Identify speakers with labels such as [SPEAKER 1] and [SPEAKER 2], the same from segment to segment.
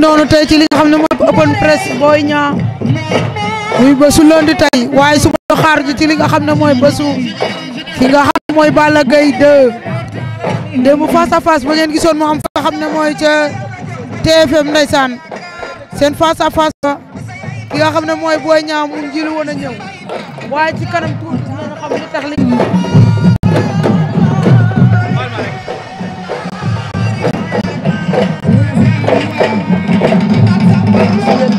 [SPEAKER 1] noonu tey ci li nga xam ne mooy open press Boy Niang muy bésu lundi tey waaye suba xaar ji ci li nga xam ne mooy bésu ki nga xam ne mooy Balla gay 2 démb face à ba ngeen gisoon mu am fa nga xam ne mooy ca TFM ndeysaan seen face à ba ki nga xam ne mooy Boy ñaa mu jilu woon ñëw waaye ci kanam tuuti dinañ xam li tax li ngeen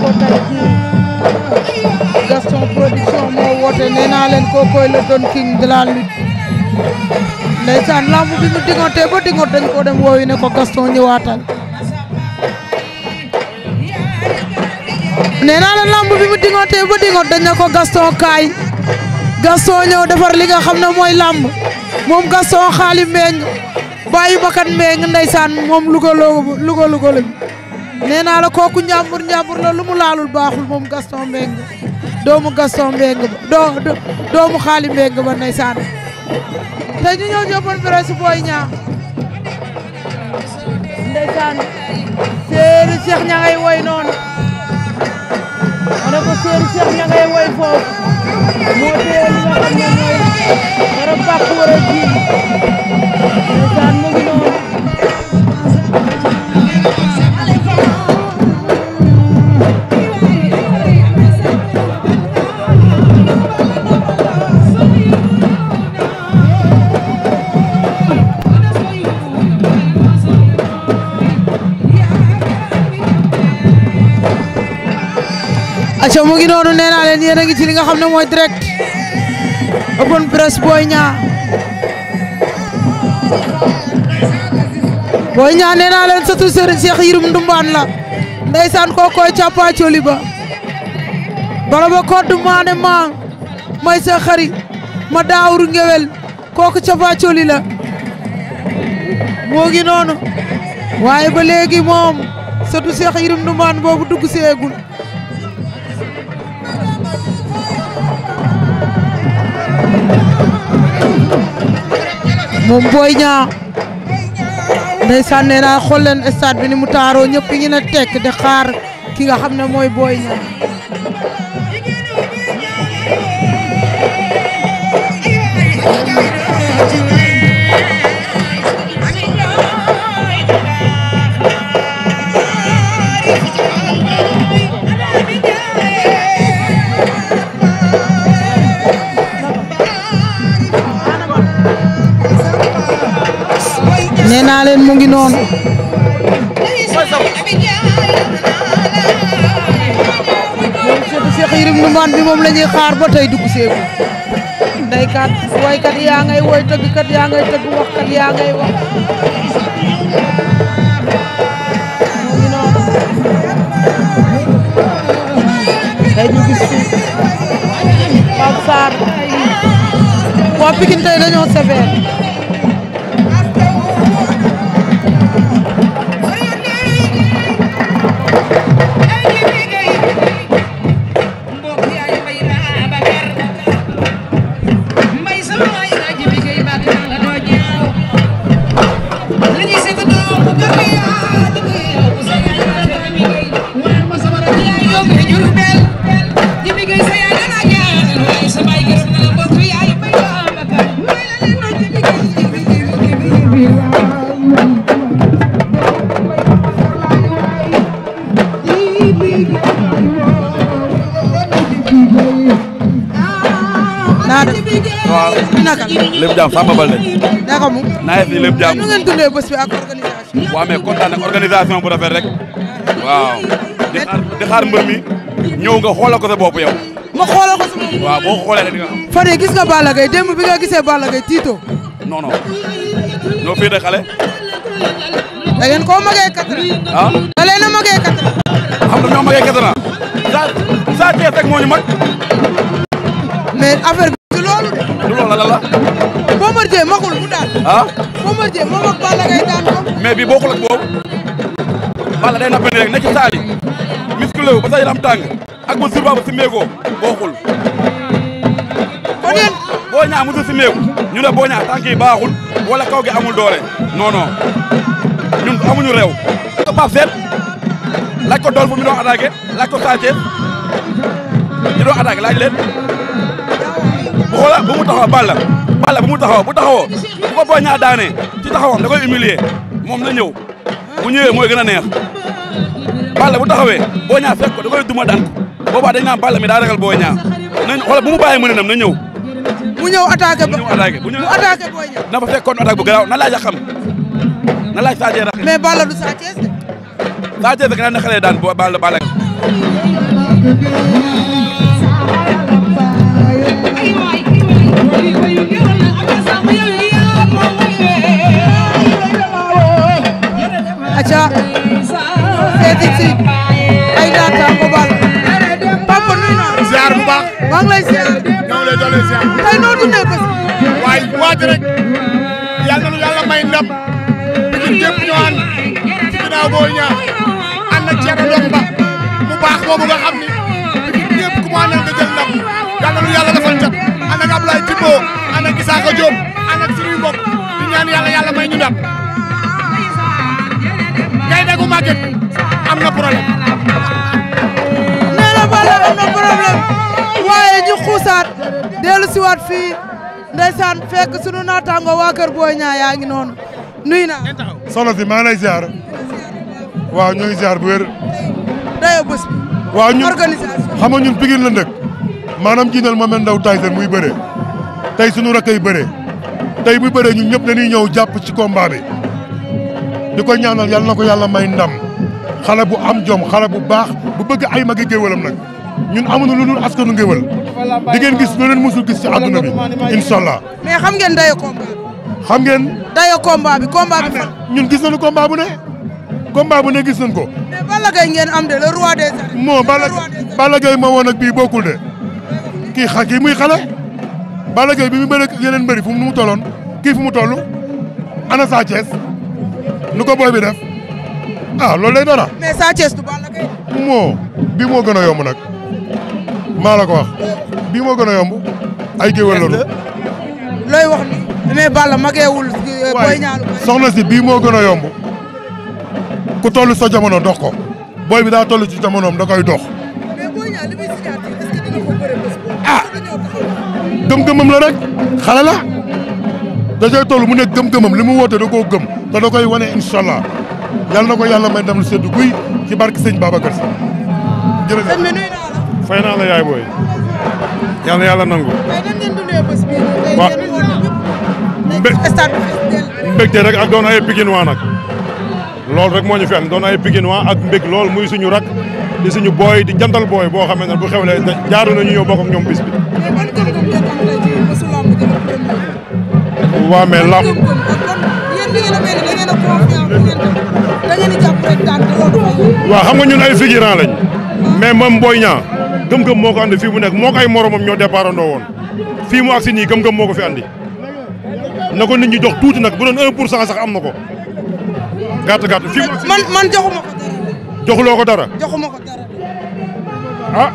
[SPEAKER 1] kontaan ci Gaston
[SPEAKER 2] production moo woote nee
[SPEAKER 1] naa leen kookoy le Don King de la lutte ndeysaan lamb bi ñu diggante ba diggante dañ ko dem woowi ne ko Gaston ñëwaatal nee naa leen lamb bi mu diggante ba diggante dañ ko Gaston kaay Gaston ñëw defar li nga xam ne mooy lamb moom Gaston xaali meeñ bàyyi bakkan meeñ ndeysaan moom Louga Louga Louga nee naa la kooku njàmbur njàmbur lu mu laalul baaxul moom Gaston Mbengue doomu Gaston Mbengue ba doo doomu xaali Mbengue ba ndeysaan te ñu ñëw jëppoon Boy Niang ndeysaan Seeri Cheikh ña woy noonu ma ne ko Seeri Cheikh woy foofu moo téye li nga xam ne mooy war a ji mu ngi aca mu ngi noonu li nga xam ne mooy direct open press Boy Niang Boy Niang nee naa leen satu Serigne Cheikh Yirim Ndumbaan la ndeysaan kookooy cappaacoli ba bala ba koddu maane maa may sa xari ma daawru ngewel kooku cappaacoli la moo ngi noonu ba léegi moom satu Cheikh Yirim Ndumbaan boobu dugg seegul moom Boy Niang ndeysaan nee naa xool leen stade bi ni mu taaroo ñëpp ñu ne tekk di xaar ki nga xam ne mooy booy Niang nee naa leen mu ngi noonu Cheikh Yérim Ndoumane bi moom la ñuy xaar ba tey dugg seegu ndeykat woykat yaa ngay woy tëggkat yaa ngay tëgg waxkat yaa ngay wax mu ngi noonu tey ñu gis suuf Pape waa Pikine tey dañoo sévère lépp jàmm Fapal Balde. naka mu. naa
[SPEAKER 3] fi lépp jàmm. nu ngeen
[SPEAKER 1] dundee bés bi ak
[SPEAKER 3] organisation. waaw mais kontaan ak organisation bu rafet rek. waaw. di xaar di xaar mbër mi. ñëw nga xoola ko boobu bopp yow.
[SPEAKER 1] ma xoolal ko sa
[SPEAKER 3] waaw boo ko xoolee rek di
[SPEAKER 1] fan yii gis nga Balla Gaye démb bi nga gisee Balla Gaye tiito. non non. ñoo fii xale. da ngeen koo magee quatre
[SPEAKER 3] ans. ah. da nga ñoo magee
[SPEAKER 1] quatre ans. saa saa teel rek moo ñu ah. Bombardier moom ak Balla Gaye daan ko. mais bi bokkul ak boobu. Balla day nappandi rek nekk ci
[SPEAKER 3] saali. musculé wu ba sa ak ba suba ba si méegoo bokkul. kon yéen. boo ñaa ñu ne boo ñaa tànk yi baaxul wala kaw gi amul doole. non non ñun amuñu réew. ko Pape Seck laaj fu mi doon attaqué laaj ko Sa doon attaqué laaj leen bu bu mu taxaw Balla Balla bu mu taxaw bu taxawoo bu ko Boy Niang daanee ci taxawam da koy humilier moom na ñëw bu ñëwee mooy gën a neex Balla bu taxawee boo Niang fekk ko da koy duma daan ko boobaa dañ naan Balla mi daa ragal Boy Niang nañ xoolal bu mu bàyyee mën a nam na ñëw.
[SPEAKER 1] mu ñëw attaqué bu ñëw attaqué Boy
[SPEAKER 3] Niang na fa fekkoon attaque bu garaaw na laaj a xam na laaj Sa Thiès rax. mais Balla du Sa Thiès de. Sa Thiès rek na xale daan
[SPEAKER 2] egsi
[SPEAKER 4] ay daata ko bal papa nuyu naa ziar bu baax maa ngi lay ziar ñoo ngi lay doole ziar noo dundee bés waay waaj rek yàlla na yàlla may ndam Pikine gépp ñu ànd ci ginnaaw Boy Niang ànd ak Thierno Ndong Ba mu baax boobu nga xam ni Pikine gépp ku mu àndal nga jël ndam yàlla na yàlla defal cat ànd ak Ablaye Timbo ànd ak Isaka Diop ànd ak suñuy mbokk di ñaan yàlla yàlla may ñu ndam ngay dégg màgget am na problème. nee na Balla am na problème waaye ñu xuusaat
[SPEAKER 1] dellu siwaat fii ndeysaan fekk sunu naataango waa kër Boy Niang yaa ngi noonu nuyu naa.
[SPEAKER 3] soxna si maa ngi lay waaw ñu ngi bu wér. dayoo bés bi. waaw ñun organisation xam nga maanaam jiinal ma mel ndaw Tyson muy bëree tey sunu rakk yi bëree tey muy bëree ñun ñëpp dañuy ñëw jàpp ci combat bi di ko ñaanal yàlla na ko yàlla may ndam. xale bu am jom xale bu baax bu bëgg ay magi géwalam nag ñun amuñu lu dul askanu géwal di ngeen gis lu leen musul gis ci àdduna bi incha allah.
[SPEAKER 1] mais xam ngeen dayo combat
[SPEAKER 3] xam ngeen. dayo
[SPEAKER 1] combat bi ñun gis nañu combat bu ne. combat bu ne gis nañu ko. ngeen am de moo Balla Balla Gaye moo woon ak bii bokkul de kii xa kii
[SPEAKER 3] muy xale. Balla Gaye bi mu bëre ak yeneen mbëri fu mu tolloon kii fu mu toll ana Sa nu ko booy bi def. ah loolu day dara. Ah. mais Sa Thiès moo bii moo gën a yombu nag maa la ko wax bii moo gën a yombu ay géwél loolu. looy wax ni mais Balla
[SPEAKER 1] mageewul. Euh, booy ñaalu
[SPEAKER 3] soxna si bii moo gën a yomb ku toll sa jamono dox ko booy bi daa toll ci jamonoom da koy dox. mais booy ñaar li muy signature est ko ah! gëm-gëmam la rek xale la da cay toll mu nekk gëm-gëmam li mu woote da koo gëm te koy wane incha allah yàlla na ko yàlla may ndam lu seddu guy ci barke sëñ Babacar Si jërëjëf fay naa la yaay booy yàlla yàlla nangu waaw mbégte rek ak doon ay Pikinois nag loolu rek moo ñu fi am doon ay Pikinois ak mbég lool muy suñu rak di suñu booy di jantal booy boo xam ne bu xewlee jaaru nañu ñëw bokk ak ñoom bis waa mais lamb waa xam nga ñun ay figurant lañ mais moom Boy Niang gëm-gëm moo ko andi fii mu nekk moo ko ay moromam ñoo départandoo woon fii mu agsi nii gëm-gëm moo ko fi andi na ni nit ñi jox tuuti nag bu doon 1 pour cent am na ko gàtt gàtt fii mu ko dara. joxuloo ko dara.
[SPEAKER 1] joxuma ko dara. ah.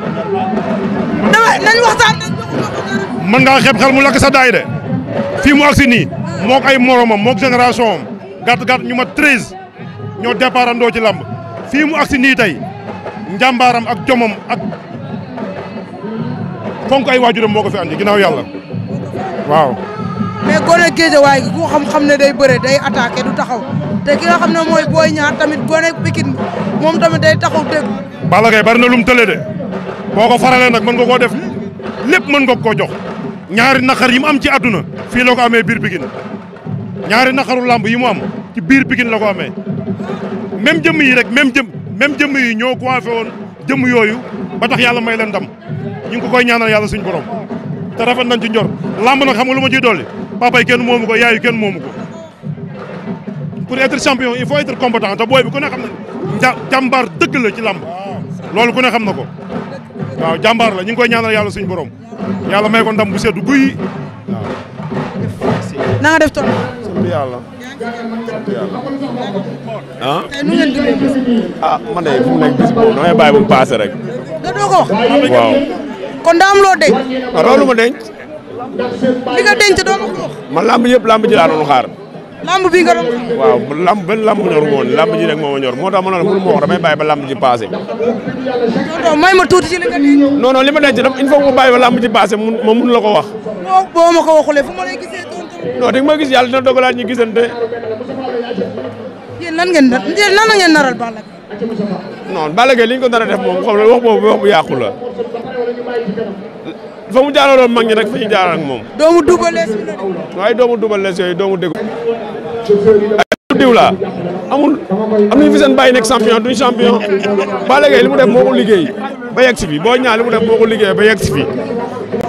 [SPEAKER 3] dama mu lakk sa daay de fii mu agsi nii moo ko ay moromam moo ko génération am gàtt gàtt ñu ma treize ñoo départandoo ci làmb fii mu agsi nii tey njàmbaaram ak jomom ak fonk ay waajuram moo ko fi andi ginnaaw yàlla waaw.
[SPEAKER 1] mais gone géejawaay gi ku xam-xam ne day bëre day attaqué du taxaw te ki xam ne mooy booy ñaar tamit gone pikin moom tamit day taxaw dégg.
[SPEAKER 3] Balla Gaye bari na lum tële de boo ko faralee nag mën nga koo def lépp mën nga koo jox ñaari naqar yi mu am ci àdduna fii la ko amee biir pikin ñaari naqaru lamb yi mu am ci biir Pikine la ko amee même jëm yi rek même jëm même jëmm yi ñoo coiffé woon jëmm yooyu ba tax yàlla may leen ndam ñu ngi ko koy ñaanal yàlla suñu borom te rafet nañ ci njor lamb nag xam nga lu ma ciy dolli papa yi kenn moomu ko yaayu kenn moomu ko pour être champion il faut être compétent te booy bi ku ne xam na jàmbaar dëgg la ci lamb loolu ku ne xam na ko waaw jàmbaar la ñu ngi koy ñaanal yàlla suñu borom yàlla may ko ndam bu seddu guy
[SPEAKER 1] waaw
[SPEAKER 3] yàlla ah, man de fu mu nekk damay bàyyi bu paase rek.
[SPEAKER 1] waaw. kon daa loo denc. ah loolu ma denc. li nga denc doo ko
[SPEAKER 3] wax. man lamb yëpp lamb ji laa doon xaar.
[SPEAKER 1] lamb bi nga doon
[SPEAKER 3] ma woon lamb ji rek moo ma ñor moo tax ma ne la mënu ma wax damay bàyyi ba lamb ji paase.
[SPEAKER 1] non may ma li nga denc.
[SPEAKER 3] non non li ma ba lamb paase ma mun la ko wax. ma ko waxulee fu ma lay non di ma gis yàlla dina dogalaat ñu gisante.
[SPEAKER 1] yéen lan ngeen lan la naral
[SPEAKER 3] Balla Gaye. non ko nar def moom xam nga wax boobu wax bu yàqu la. mu jaaroon mag ñi rek fa ñu jaar moom.
[SPEAKER 5] doomu Double Less bi
[SPEAKER 3] waaye doomu Double Less yooyu doomu dégg. ay diw la amul am nañu fi seen bàyyi nekk champion duñ champion. Balla li mu def moo ko liggéey ba yegg si fi boo ñaa li mu def moo ko liggéey ba yegg si fi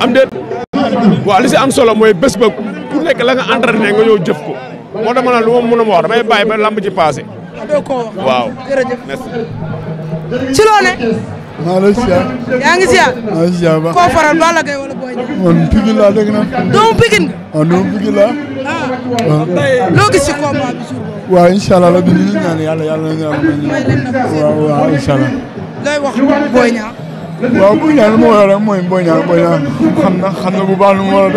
[SPEAKER 3] am déet. waaw li si am solo mooy bés ba ku nekk la nga entraîné nga ñëw jëf ko moo tax ma ne lu ma mën a wax damay bàyyi ba lamb ci passé.
[SPEAKER 1] waaw jërëjëf
[SPEAKER 4] maa ngi lay yaa ngi ziar. maa ngi ba. koo faral Balla Gaye wala Boy Niang. man Pikine laa dégg na. doomu Pikine. waaw doomu Pikine ah.
[SPEAKER 3] Ah. ñaan yàlla yàlla na ñu. waaw waaw incha
[SPEAKER 4] waaw Boy Niang lu ma war a rek mooy Boy Niang Boy Niang xam na xam na ma waaw.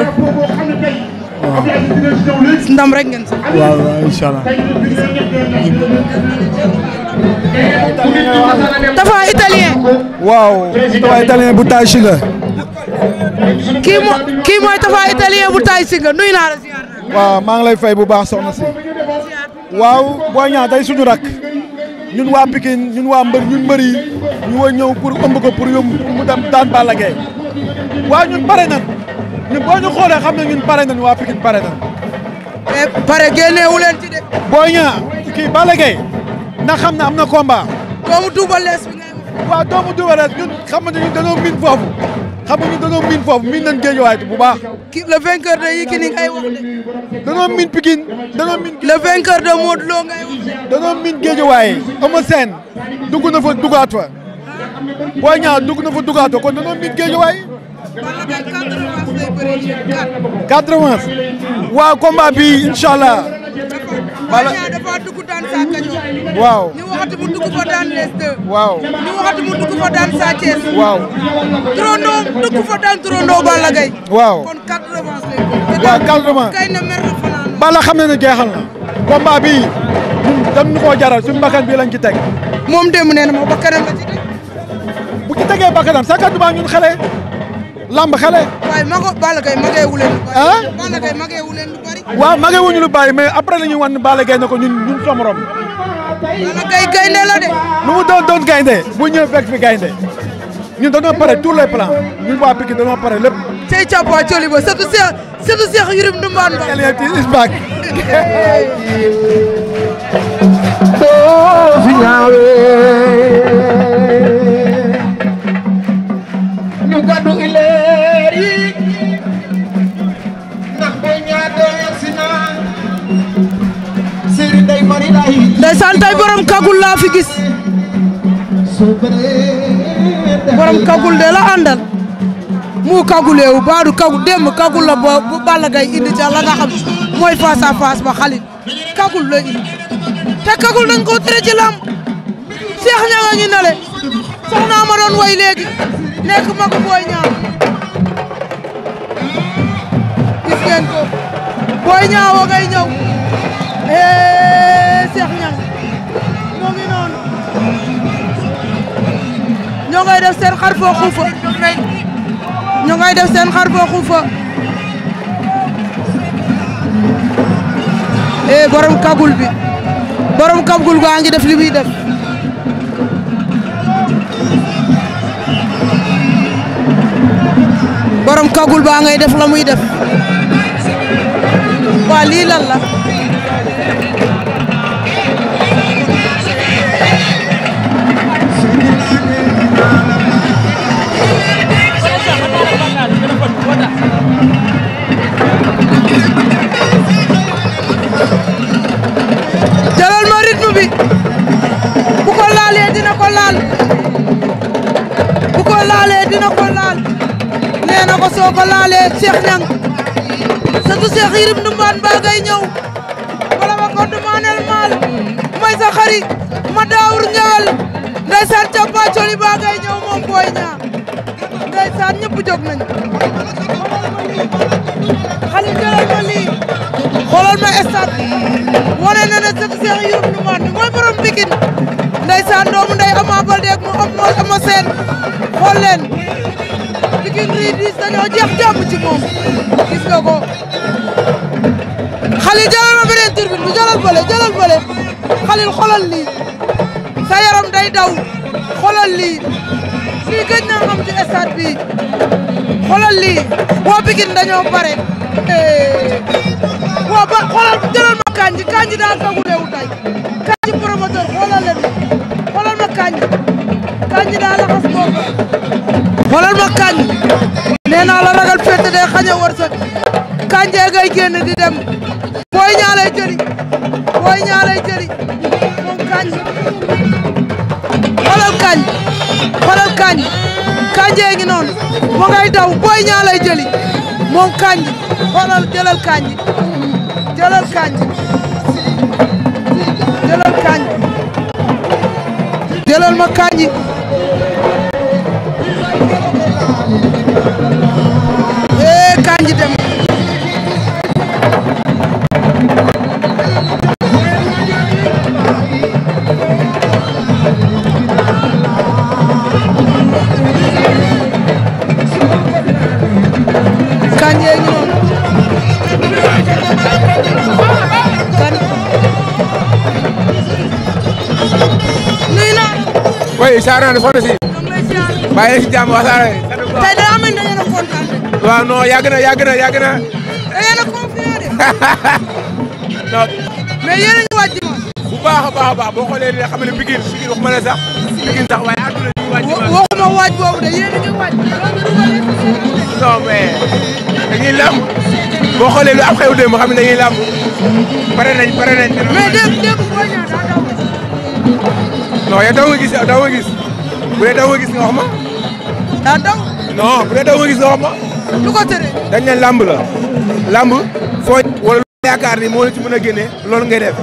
[SPEAKER 4] ndam rek
[SPEAKER 3] bu taay si la.
[SPEAKER 2] kii
[SPEAKER 1] mooy kii mooy bu taay si la nuyu naa la ziar.
[SPEAKER 3] waaw maa ngi lay fay bu baax soxna
[SPEAKER 1] waaw Boy Niang tey rakk.
[SPEAKER 3] ñun waa Pikine ñun waa mbër ñun mbër yi ñu wa ñëw pour ëmb ko pour yomb mu dem daan Balla Gaye waaw ñun pare nan ñun boo xam ne ñun pare nan waa Pikine pare nan mais eh, pare génneewu leen ci de. Boy kii bala Gaye ndax xam ne am na combat. doomu Double Less waaw doomu Double Less ñun xam nga ñun miin foofu xam nga miin foofu miin nañ géejuwaay bu baax. ki le vainqueur de Yékini ngay wax de. dañoo miin Pikine dañoo miin. le vainqueur de Modou Lo ngay wax de. miin géejuwaay Eumeu Sène dugg na fa duggaat fa Boy Niang na fa duggaat fa kon miin géejuwaay.
[SPEAKER 1] wala benn quatre
[SPEAKER 3] waaw combat bi incha
[SPEAKER 1] Balla Niang dafa dugg daan Sa Kajoor. waaw ñu waxati mu dugg fa daan les deux. Balla Gaye. na mer Balla xam na ne jeexal na.
[SPEAKER 3] combat bii dañu koo jaral suñu bii lañ ci teg. moom démb nee na ma bakkanam la ci teg.
[SPEAKER 1] bu ci tegee bakkanam Sa Kajoor baa ñun lamb xale. waaye ma ko Balla Gaye mageewu bari. ah Balla Gaye lu bari. waaw mageewu ñu lu bari mais après la ñuy wan
[SPEAKER 3] ne Balla Gaye ne ko ñun ñun sa morom.
[SPEAKER 1] Balla Gaye gaynde la de.
[SPEAKER 3] lu mu doon gaynde
[SPEAKER 1] bu ñëwee fi gaynde ñun dañoo pare tous les plans ñun waa Pikine dañoo pare lépp. tey cappa coli ba surtout Cheikh surtout Cheikh Yérim Ba. Eliane Thiel is back. ndeysaan tey borom kagul laa fi gis
[SPEAKER 2] borom kagul de la
[SPEAKER 1] àndal mu kaguleewu baadu kagul démb kagul la ba bu Balla Gaye indi ca la nga xam mooy face ba xalit kagul la indi te kagul dañ ko tere ci lamb Cheikh Niang ngi nale soxna ma doon way léegi nekk magu Boy Niang gis ngeen ko Boy Niang wa ngay ñëw Cheikh Niang moo ñoo ngay def seen xar foo xuufa ñoo ngay def seen xar foo xuufa eh, kagul bi borom kagul gaa ngi def li muy def borom kagul baa ngay def la muy def waa lii lan ko laalee Cheikh Niang sëtu Cheikh Yirim Ndumbaan baa ngay ñëw wala ba ko maal mooy sa xarit ma daawur ngewel ndeysaan cappa coli baa ngay ñëw moom booy ñaa ndeysaan ñëpp jóg nañ xale jëlal ma lii xoolal ma stade wane na ne sëtu Cheikh Yirim Ndumbaan bi mooy borom Pikine doomu ndey Ama Baldé mu am ama seen Pikine rii ma beneen turbine bi jëlal bële jëlal bële Xalil lii sa day daw xolal lii lii gëj na am ci stade bi lii waa Pikine dañoo pare eh. waa ba xolal ma kanji kanji daa kagu lewu tay kanji promoteur xolal leen génn di dem Boy Niang lay jëli Boy Niang lay jëli moom kañ xoolal kañ xoolal kañ kañjee ngi noonu mu ngay daw Boy Niang lay jëli moom kañ xoolal jëlal kañ jëlal kañ jëlal ma kañ tey saa naa
[SPEAKER 3] ne soxna si bàyyi leen si jàmm wasaare. tey daa mel ne da ngeen a kontaan rek. waaw non yàgg na yàgg na yàgg na. da ngeen ma. bu baax a baax baax boo xoolee ne xam ne Pikine Pikine waxuma la sax Pikine sax waaye àdduna
[SPEAKER 1] ñu wàcc ma. waxuma wàcc boobu de yéen a ngi wàcc. non mais
[SPEAKER 3] dañuy lamb boo xoolee lu am xew démb xam ne dañuy lamb
[SPEAKER 1] pare nañ pare nañ. mais démb
[SPEAKER 2] démb boo ñëwee daa
[SPEAKER 3] daw. non yow daw nga gis daw nga gis bu nga gis nga wax ma. daa daw. non bu nga gis nga wax ma. lu ko tere. dañ ne lamb la. lamb foo wala yaakaar ni moo la ci mën a génne loolu ngay def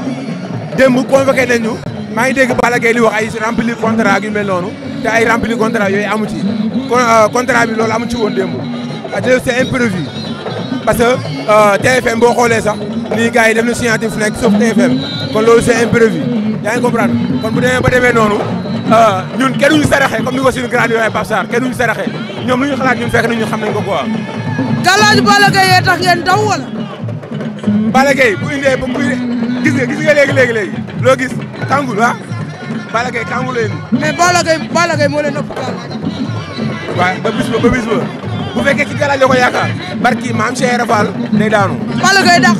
[SPEAKER 3] démb convoqué nañ ñu. maa ngi dégg Balla Gaye wax ay rempli contrat yu mel noonu te ay rempli contrat yooyu amu ci euh, contrat bi loolu amu ci woon démb te c'est imprévu parce que euh, TFM boo xoolee sax nii gars yi def na signature fu nekk sauf TFM kon loolu c'est imprévu yaa ngi comprendre kon bu demee ba demee noonu euh, ñun kenn duñu saraxee comme ni ko suñu grand yooyu Pape Sarr kenn duñu saraxee ñoom lu ñu xalaat ñun fekk na xam nañ ko quoi.
[SPEAKER 1] galaaju Balla yee tax daw wala.
[SPEAKER 3] Balla bu indee ba muy gis nga gis nga léegi léegi léegi a gis kàngul ah Balla Gaye kàngul leen. mais Balla Gaye moo leen ëpp gàllankoor. ba bis ba ba bis ba bu fekkee ci galaaj la ko yaakaar barki maam Cheikh Rafal day daanu. Balla Gaye dàq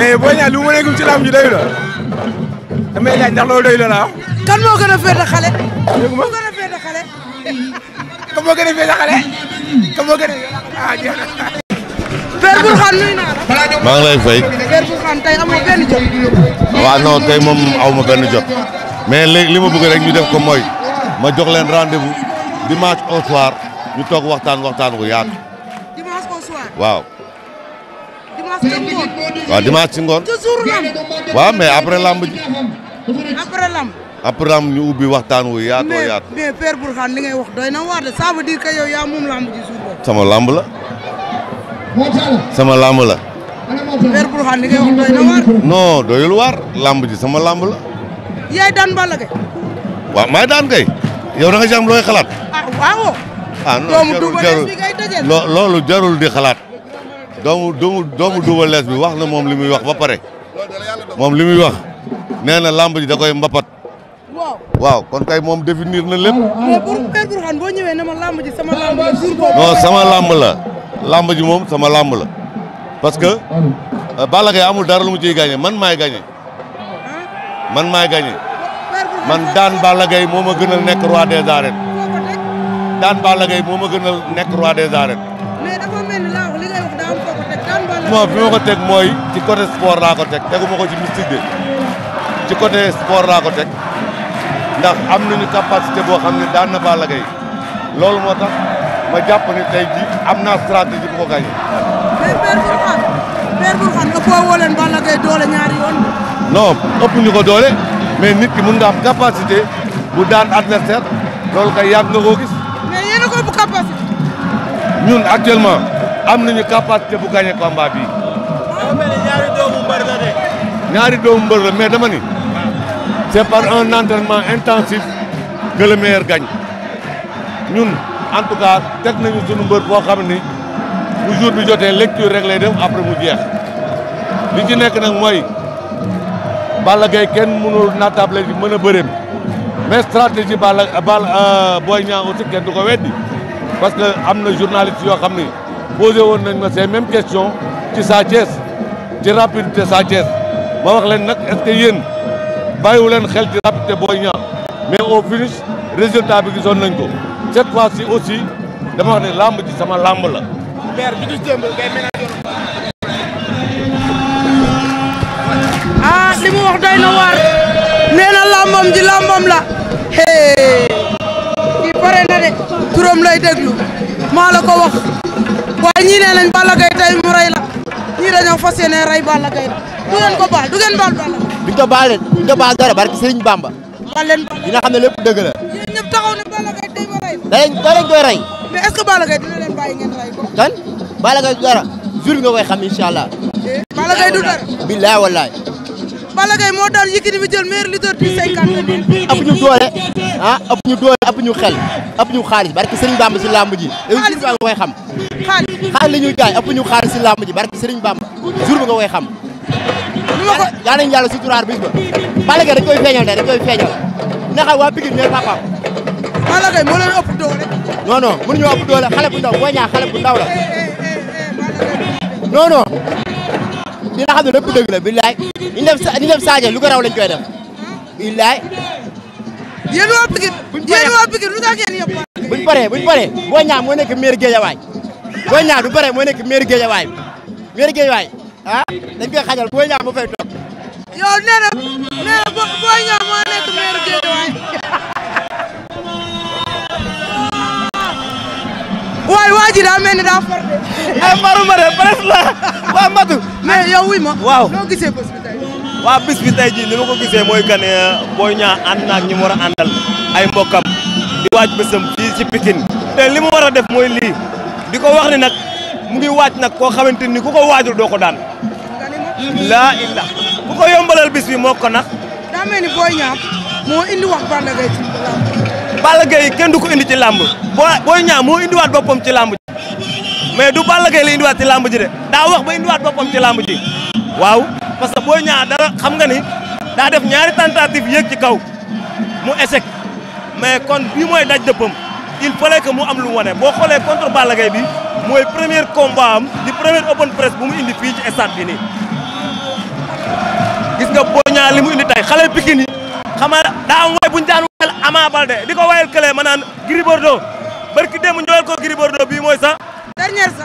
[SPEAKER 3] mais boo ñaan li mu mëneegum ci ah, naa la. maa
[SPEAKER 1] ngi lay fay. Père Bourkhane tey amoo benn jot. waaw non tey moom aw ma benn jot.
[SPEAKER 6] mais léegi li ma bëgg rek ñu def ko mooy ma jox leen rendez-vous dimanche au soir ñu toog waxtaan waxtaan gu yaatu.
[SPEAKER 4] dimanche waaw. waa dimanche ci ngoon.
[SPEAKER 6] toujours lamb. waaw mais après lamb ji. après lamb. après lamb ñu waxtaan wu yaatoo yaatu.
[SPEAKER 1] yaa moom lamb ji suur
[SPEAKER 6] sama lamb la. sama lamb la. Père Bourkhane ji sama lamb la.
[SPEAKER 1] yaay daan Balla Gaye.
[SPEAKER 6] waaw maay daan kay. yow da nga looy xalaat. Ah, ah, loolu jarul di xalaat. doomu doomu doomu Double bi wax na moom li muy wax ba pare moom li muy wax nee na làmb ji da koy mbapat. waaw waaw kon kay moom définir na lépp.
[SPEAKER 1] mais ma làmb sama
[SPEAKER 6] làmb la làmb ji moom sama làmb la parce que euh, Balla Gaye amul dara lu mu ciy gagné man maay gagné man maay gagné man daan baala gay moo ma gënal nekk roi des arènes daan Balla ma gënal nekk moom fi ma ko teg mooy ci côté sport laa ko teg tegu ma ko ci mystique bi ci côté sport laa ko teg ndax am nañu capacité boo xam ne daan na Balla Gaye loolu moo tax ma jàpp ne tey ji am naa stratégie bu ko gagné.
[SPEAKER 1] mais Père Bourkhane Père Bourkhane nga boowoo leen Balla Gaye doole ñaari yoon.
[SPEAKER 6] non ëpp ko doole mais nit mun nga am capacité bu daan adversaire loolu kay yàgg nga koo gis.
[SPEAKER 1] mais yéen a ko bu capacité.
[SPEAKER 6] ñun am nañu capacité bu gagné combat bi ñaari doomu mbër la de. ñaari doomu mbër la mais dama ni. c'est par un entraînement intensif que le ñun en tout cas teg nañu sunu mbër boo xam ni bu jour bi jotee lecture rek lay def après mu jeex li ci nekk nag mooy Balla Gaye kenn mënul naatable bi mën a bëreem mais stratégie bala Balla euh, Boy Niang aussi kenn du ko weddi parce que am na journaliste yoo xam ni. posé woon nañ ma ces mêmes questions ci Sa Thiès ci rapidité Sa Thiès ma wax leen nag est-ce que yéen bàyyiwu leen xel ci rapidité Boy Niang mais au finish résultat bi gisoon nañ ko cette fois-ci aussi dama wax ne ji sama làmb la.
[SPEAKER 1] père ñu ah, mu wax doy na waar nee na làmbam ji làmbam la. kii pare na de turam lay déglu maa la ko wax. waaye ñii nee nañ Balla Gaye tey mu rey la ñii dañoo fas yéene rey Balla Gaye
[SPEAKER 4] Bamba baal leen dina xam ne lépp dëgg la yéen ñëpp taxaw ne bi nga koy xam inshallah eh, Balla Gaye du dara billahi wallahi Balla Gaye moo daan Yékini mi jël meilleur lutteur du 50 ak ñu doole ah ëpp ñu doole ëpp ñu xel ëpp ñu xaalis barki Serigne Bamba si làmb ji jour bi nga koy xam xaalis la ñuy jaay ëpp ñu xaalis si làmb ji barki Serigne Bamba jour bi nga koy xam yaa nañ yàlla suturaar bis ba Balla Gaye dañ koy feeñal tey dañ koy feeñal naxal waa Pikine ñooy papaam Balla Gaye moo leen ëpp doole non non mënu ñoo ëpp doole xale bu ndaw boo ñaa xale bu ndaw la non non li nga xam ne lépp dëgg la billaay ñu def ñu def Sadio lu ko raw lañ koy def billaay yéen waa Pikine yéen waa Pikine lu tax ngeen yëpp buñ paree buñ paree Boy Niang moo nekk maire Guédiawaye Boy Niang du paree moo nekk maire Guédiawaye maire Guédiawaye ah dañ koy xajal Boy Niang moo fay toog yow nee na nee na Boy Niang moo nekk maire Guédiawaye
[SPEAKER 2] waay waa ji daa mel
[SPEAKER 1] ni daa far de ay maru mare presque
[SPEAKER 7] la waa Matu mais yow wuy ma waaw noo gisee bés bi tey waa bis bi tey jii li ko gisee mooy que ne euh, Boy Niang ànd naag ñi mu war ay mbokkam di waaj bésam fii ci Pikine te li mu war a def mooy lii di ko wax ni nag mu ngi waaj nag koo xamante ni ku ko waajul doo ko daan laa illah ku ko yombalal bis bi moo ko nax daa mel ni Boy moo indi wax Balla Gaye ci
[SPEAKER 2] làmb
[SPEAKER 7] Balla Gaye kenn du ko indi ci làmb Boy Niang moo indiwaat boppam ci làmb mais du Balla Gaye la indiwaat ci làmb ji de daa wax ba indiwaat boppam ci làmb ji waaw parce que Boy Niang dara xam nga ni daa def ñaari tentative yéeg ci kaw mu échec mais kon bii mooy daj dëppam il fallait que mu am lu mu wane boo xoolee contre Balla Gaye bi mooy premier combat di premier open press bu mu indi fii ci bi nii gis nga Boy li mu indi tay xale Pikine yi xam nga daa am way buñu daan wayal di ko wayal Kële ma naan Gris Bordeaux barki démb ñëwal ko Gris Bordeaux bii mooy sa. sa.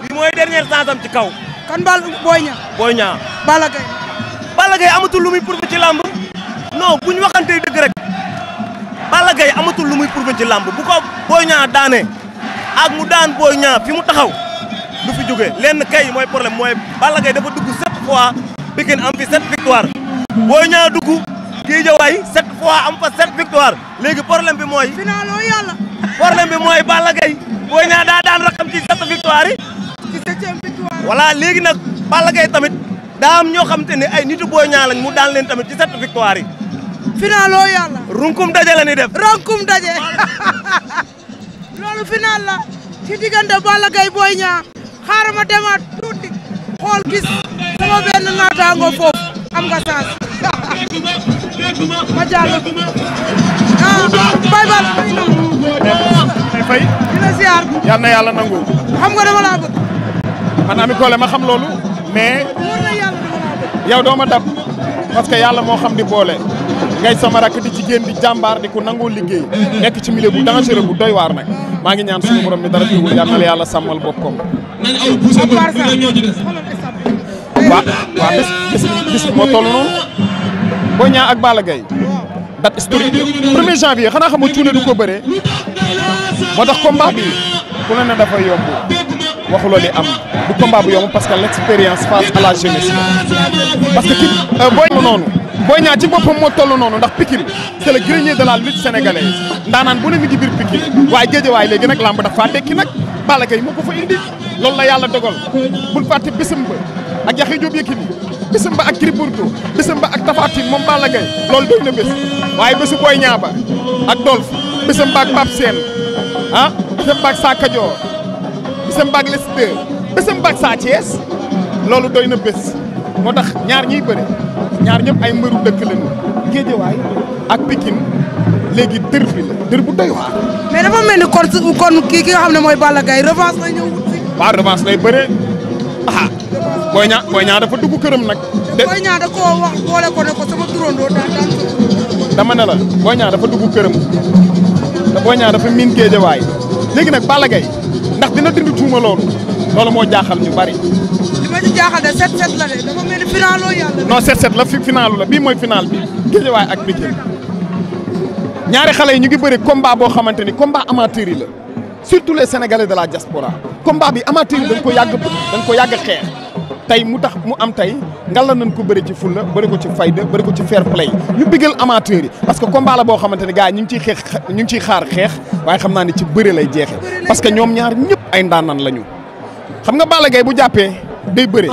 [SPEAKER 7] bii mooy dernière chance am ci kaw. kan Bal Boy Niang. Boy Niang. Balla Gaye. Balla Gaye amatul lu muy prouvé ci làmb. non bu ñu waxantee dëgg rek. Balla amatul lu muy prouvé ci làmb bu ko Boy Niang daanee ak mu daan Boy Niang fi mu taxaw du fi jógee lenn kay mooy problème mooy Balla Gaye dafa dugg sept fois Pikine am fi sept victoire Boy Niang dugg. Guédiawaye sept fois am fa sept victoire léegi problème bi mooy. finaaloo yàlla. problème bi mooy Balla Gaye Boy Niang daa daan rakam ci sept victoire yi. ci septième victoire. voilà léegi nag Balla Gaye tamit daa am ñoo xam te ne ay nitu Boy Niang lañ mu daan leen tamit ci sept victoire yi. finaaloo yàlla. runkum daje la ñuy def. runkum daje
[SPEAKER 1] loolu final la
[SPEAKER 7] ci diggante Balla
[SPEAKER 1] Gaye Boy Niang xaaral ma demaat tuuti xool gis sama benn naataango foofu am nga chance. ma ma ñu noonu. fay. na yàlla nangu. xam nga dama laa bëgg. man Ami Collé ma xam loolu. mais.
[SPEAKER 3] yaw na ma dab parce que yàlla moo xam di boole. ngay sama rakk di jigéen di jàmbaar di ko nangoo liggéey. nekk ci milieu bu dangereux bu doy waar nag. maa ngi ñaan suñu borom mi dara teewul yal na yàlla sàmmal boppam. waaw waaw bis bis bis moo toll noonu. Boy Niang ak Balla Gaye date historique premier janvier xanaa xam nga cuune du ko bëree moo tax combat bi ku ne ne dafa yomb waxuloo di am du combat bu parce que l' expérience face à la jeunesse parce que ki euh, Boy Niang noonu Boy ci boppam moo toll noonu ndax Pikine c' est le grenier de la lutte sénégalaise ndaanaan bu ne mi ngi biir Pikine waaye Guédiawaye léegi nag làmb dafa tekki nag Balla Gaye moo ko fa indi loolu la yàlla dogal bul fàtte bésam ba ak Yaxya Jóob Yékini bisam ba ak Gris Bordeaux bisam ba ak Tapha moom Balla Gaye loolu doy na bés waaye bésu Boy Niang ba ak Dolf bisam ba ak Pape Sène ah bisam ba ak Sakadior bisam ba ak Lac 2 bisam ba loolu doy na bés moo tax ñaar
[SPEAKER 1] ñiy bëre ñaar ñëpp ay mbëru dëkk lañu Géejawaay ak Pikine léegi dër bi dër bu doy waar. mais dafa mel ni kon kon kii ki nga xam ne mooy Balla Gaye revanche lay ñëw wut
[SPEAKER 3] si. waaw revanche bëre ah, Boy Niang Boy Niang dafa dugg këram nag.
[SPEAKER 1] de Boy Niang da ko ne ko
[SPEAKER 3] dama ne la Boy Niang dafa dugg këram te Boy Niang dafa miin géejawaay léegi nag Balla ndax dina dindi tuuma moo jaaxal ñu bari. li
[SPEAKER 1] ma jaaxal de 7-7 la de dafa mel
[SPEAKER 3] ni la fi finaalu la bii mooy final bi géejawaay ak Pikine ñaari xale yi ñu ngi bëri combat boo xamante ni combat amateur yi la surtout les sénégalais de la diaspora combat bi amateur yi dañ ko yàgg dañ ko yàgg xeex. tey mu tax mu am tey ngalla nañ ko bëri ci fulla bëri ko ci fayda bëri ko ci fair play ñu bëggal amateur yi parce que combat la boo xamante ne gars yi ñu ngi ciy xeex xaar xeex waaye xam naa ne ci bëri lay jeexe parce que ñoom ñaar ñëpp ay ndaanaan la ñu xam nga Balla Gaye bu jàppee day bëre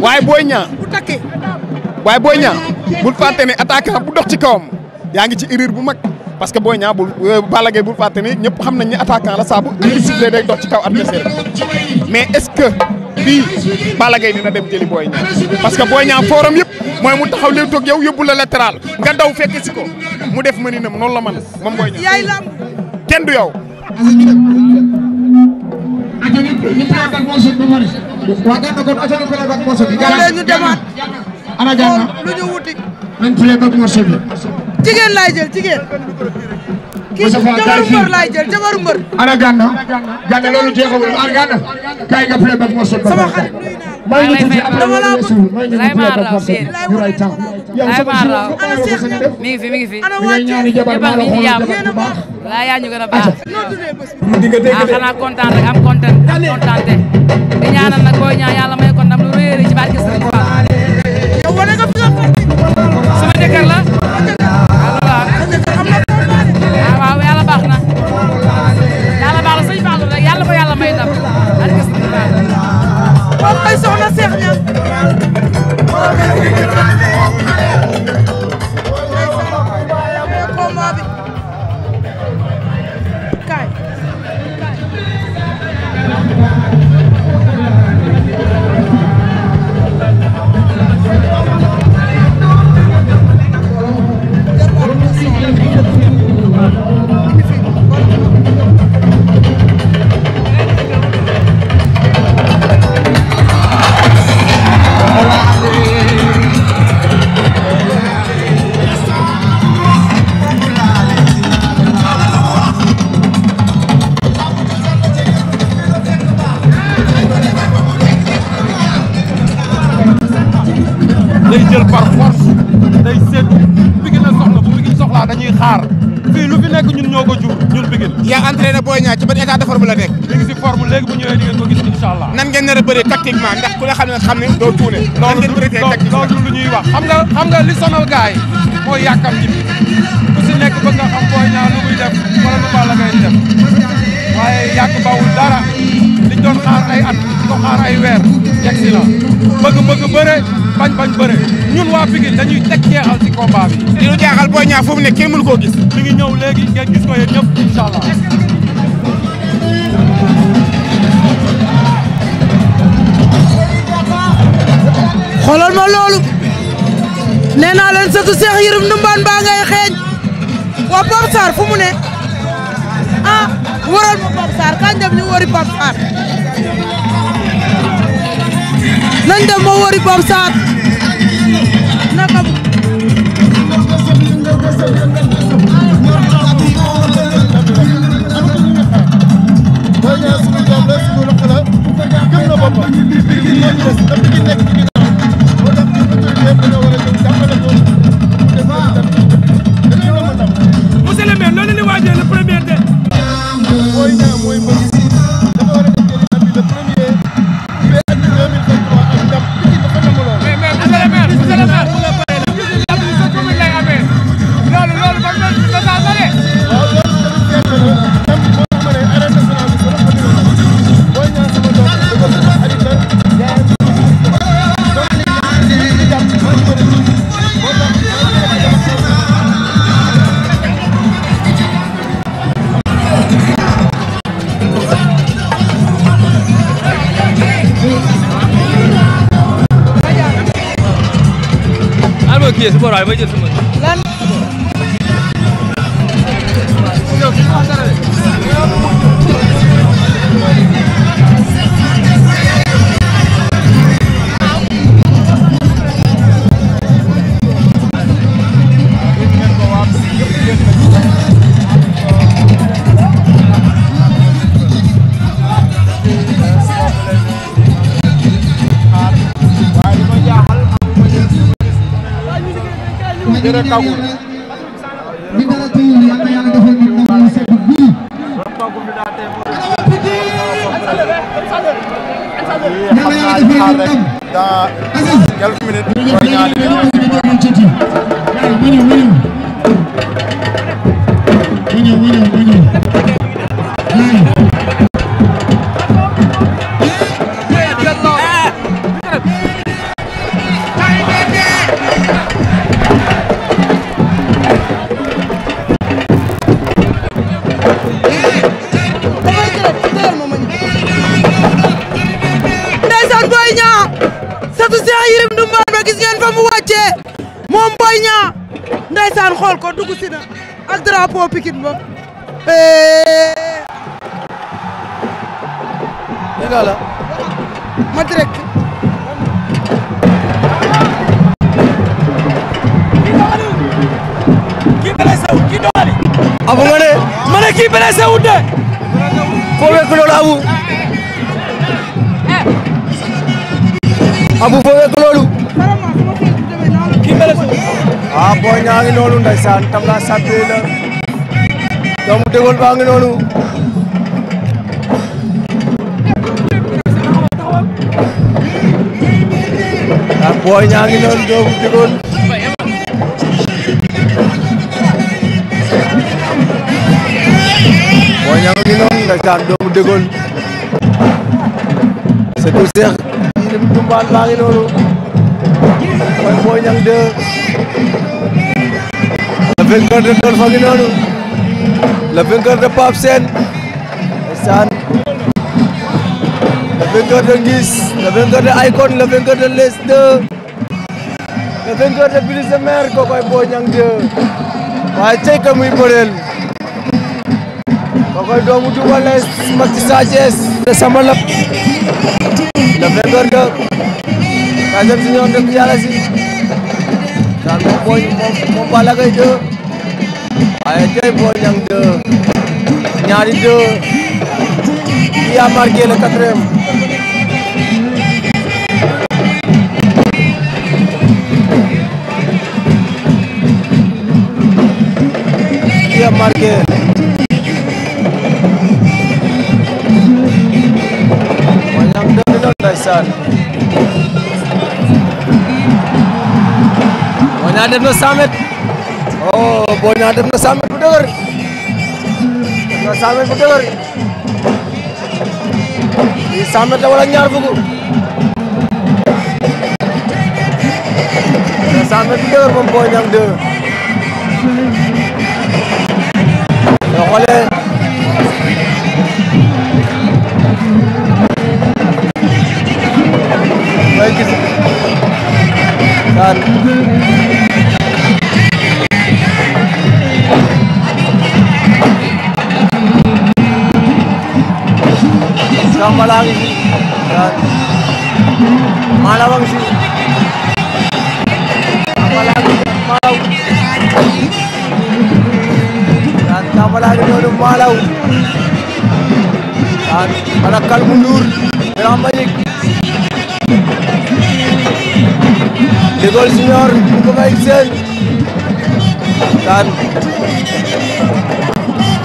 [SPEAKER 3] waaye booy ñaa bu takkee booy ñaa bul fàtte ne attaquant bu dox ci kawam yaa ngi ci erreur bu mag parce que booy ñaa bul euh, Balla Gaye bul fàtte ne ñëpp xam nañ ne attaquant la saabu anticipé day dox ci kaw adversaire mais est-ce que bii Balla Gaye dina dem jëli Boy Niang parce que Boy Niang fooram yëpp mooy mu taxaw léegi toog yow yóbbu la latéral nga daw fekk si ko mu def mëninam noonu la man
[SPEAKER 1] moom Boy Niang kenn du yow.
[SPEAKER 4] ana gàllankoor lu ñu wuti. nañ fële ba morceau
[SPEAKER 1] jigéen laay jigéen.
[SPEAKER 4] kii jabaru mbër laay
[SPEAKER 1] jël jabaru mbër. ana gànna gànna loolu jeexagul ana gànna
[SPEAKER 4] kay nga fële ba mu mos a. sama xarit nuyu naa la lay may ma la lay ma la la mi ngi fi mi ngi fi. jabar mi ngi
[SPEAKER 1] yàgg a a
[SPEAKER 3] de forme la nekk. mi ngi si forme léegi bu ñëwee di ngeen ko gis incha allah. nan ngeen nar a bëree tactiquement ndax ku la xam ne xam ne doo tuune. nan ngeen bëree tactiquement loolu lu ñuy wax. xam nga xam nga li sonal gars yi mooy yàkkam ji ku si nekk bëgg nga xam booy ñaar lu def wala lu baax la waaye yàq bawul dara liñ doon xaar ay at ko xaar ay weer yegg bëgg bëgg bëre bañ bañ bëre ñun waa Pikine dañuy teg jeexal si combat bi. di lu jaaxal booy ñaar fu mu ne kenn mënu koo gis. mi ngi ñëw léegi
[SPEAKER 1] ngeen gis ko yéen ñëpp xoolal ma loolu nee naa leen sëtu Cheikh Yérim Ndumbaan baa ngay xeeñ waa Pape Sarr fu mu ne ah waral ma Pape Sarr kañ dem ñu wari Pape Sarr nañ dem
[SPEAKER 7] dañoo war a jóg jàppale
[SPEAKER 5] rồi với dương xuân mừng
[SPEAKER 4] kagul
[SPEAKER 1] mi dara tey
[SPEAKER 2] yal na yàlla defal nit ñi ñu sedd bi
[SPEAKER 4] yal na yàlla defal nit ñi dans quelques minutes
[SPEAKER 1] drapeau Pikine ba. dégg nga la. ma direct.
[SPEAKER 5] kii blessé wu kii doole. abu ah, nga ne. ma ne kii blessé wu de. foo wekk loolu abu. Eh. abu foo wekk loolu. kii blessé wu. ah boo ñaari loolu ndeysaan tam la sàbbee la. doomu Dégol baa ngi noonu ak booy ñaa ngi noonu doomu Dégol booy ñaa ngi noonu ndaysaan doomu Dégol c'est tout seex Yérim Ndumbaan ngi noonu mooy booy ñang de avec Golden Dolphin fa ngi noonu le vainqueur de Pape Sène Sane le vainqueur de Ngis le vainqueur de Aïkon le vainqueur de Les 2 le vainqueur de Brise de Mer kookoy Boy Niang 2 waaye tey ka muy bëreel kookoy doomu Double Less Maxi Sanchez de Samba Lap le vainqueur de Tyson Junior de Yàlla si Sane moom Boy moom Balla Gaye 2 waaye tey Boy Ali 2 qui a marqué le quatrième. Qui a marqué. Wanyang dëgg la ndeysaan. Boña def na 100 mètres. oh Boña na 100 bu dëgër. mooy bu dëgër lii 100 la wala ñaar fukk. 100 mètres bu dëgër moom Boy Niang 2. soo xoolee. mooy gis. Fala ngi fi Malaw ngi fi Malaw Malaw daan Tambala ngi noonu Malaw daan Fala Kalmu Ndour Grand Mbagnick Dégol Senior ko may seen daan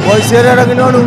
[SPEAKER 5] Boy Séeréer a ngi noonu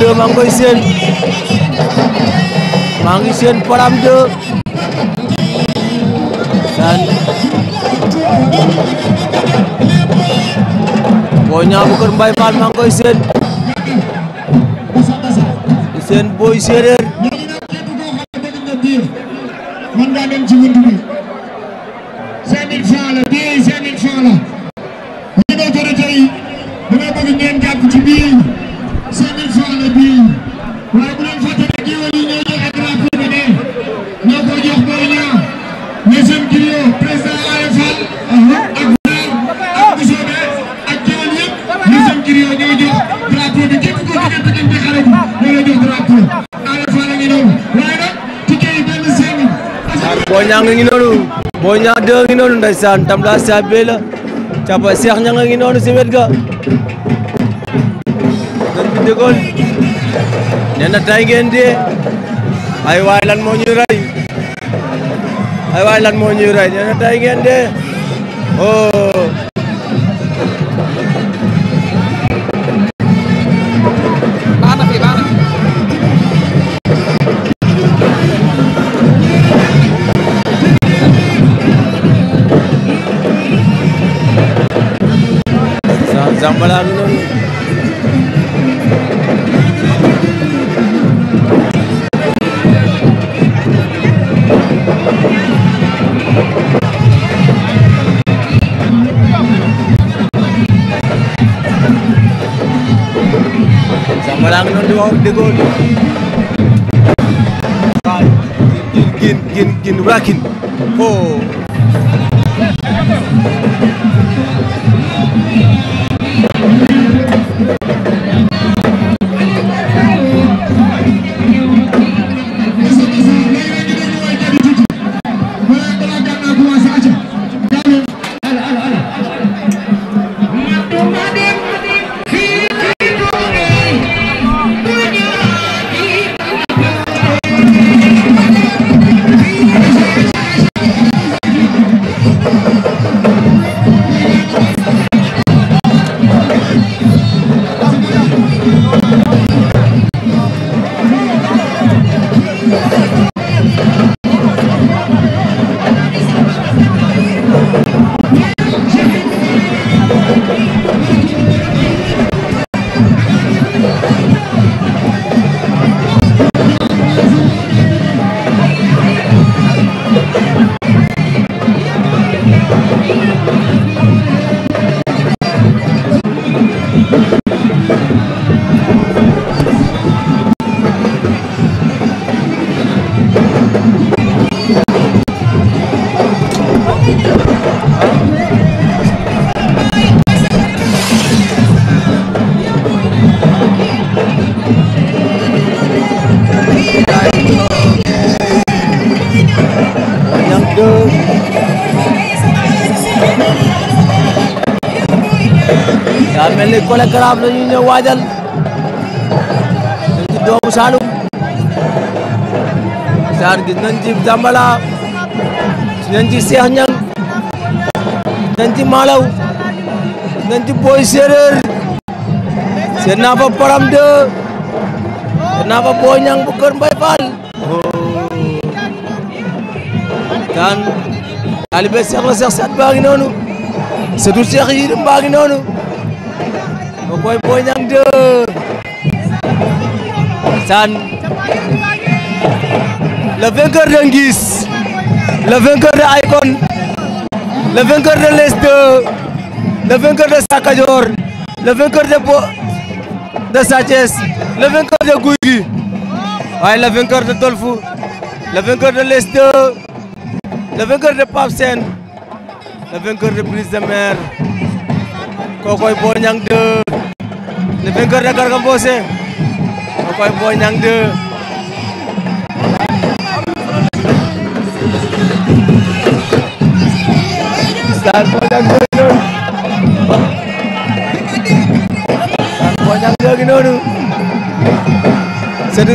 [SPEAKER 5] 2 maa ngi koy seen ngi seen param 2 mbay faal maa ngi koy
[SPEAKER 4] seen seen
[SPEAKER 5] deux ngi noonu ndeysaan ngi noonu si wet ay waay lan moo ñuy rey ay waay lan moo ñuy voilà ay Kolé Garaaf la waajal ci doomu Saloum saan gis nañ ci Zambala gis nañ ci Cheikh Niang gis nañ ci Malaw gis ci Boy Séeréer seen naa fa Param 2 seen naa fa bu Kër Mbaye Fall saan taalibe Cheikh la Cheikh Saad baa ngi noonu setul Cheikh Yirim baa koy Boy Niang 2 san le vainqueur de Ngis le vainqueur de Aykon le vainqueur de l'Est 2 de Sakadior le de Bo de Sathiès le de Gouy waaye le vainqueur de Dolfou le de l'Est 2 le vainqueur de Pape Sène le vainqueur de Brise de Mer le Kër de Garga Mbossé da koy Boy Niang 2 Star Boy Niang 2 Star Boy Niang 2 gi noonu c'est du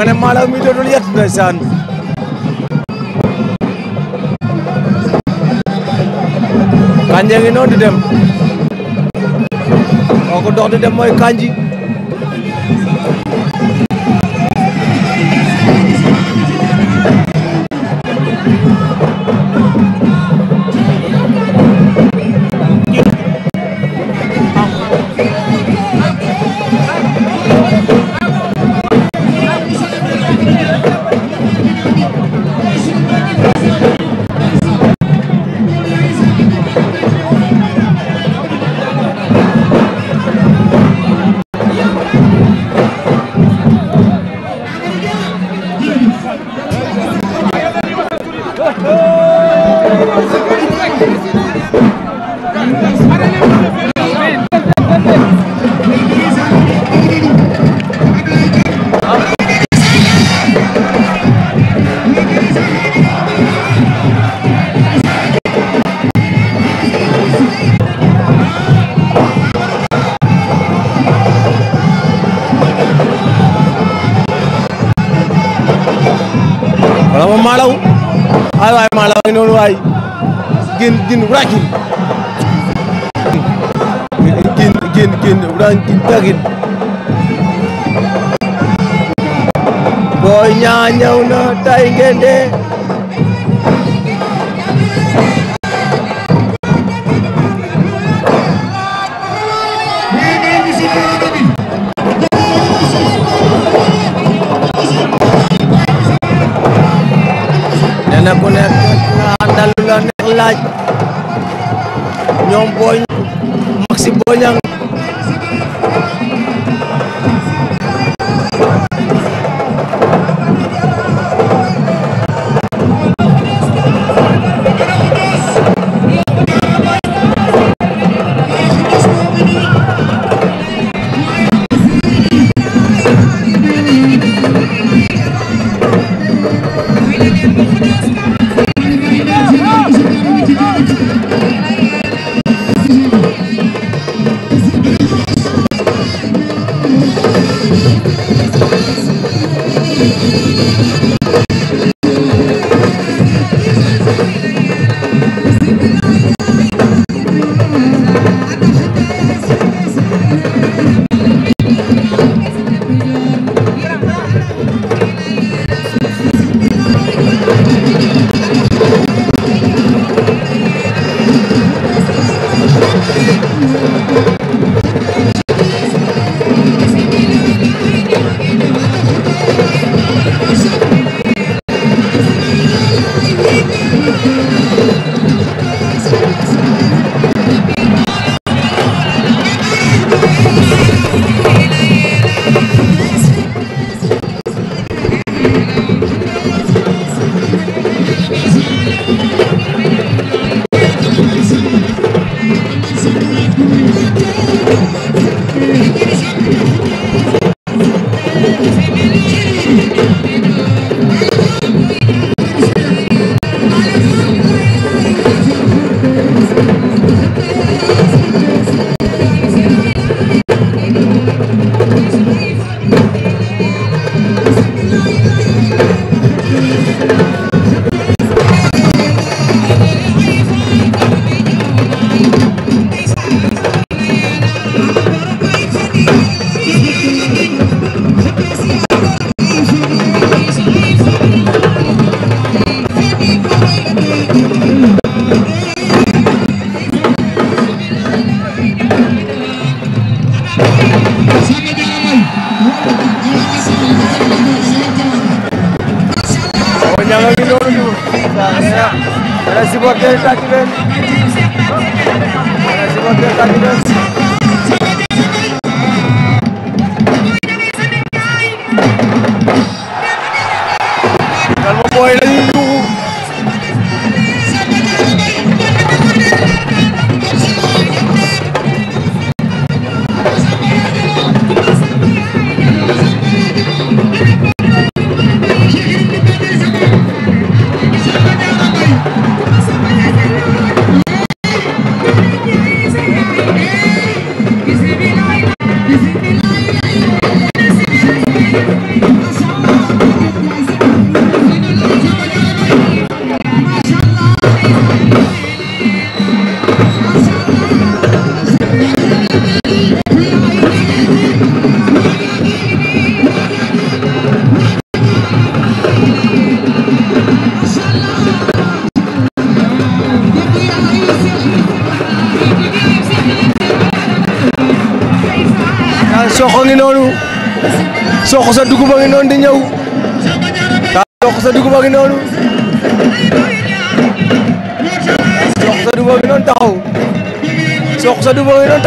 [SPEAKER 5] nga ne maalaw mi dootul yett ndeysaan kanjee ngi noonu di dem kooku dox di dem mooy kanji gin rakin gin gin gin rakin tagin Boy Niang na tay ngeen Boy Niang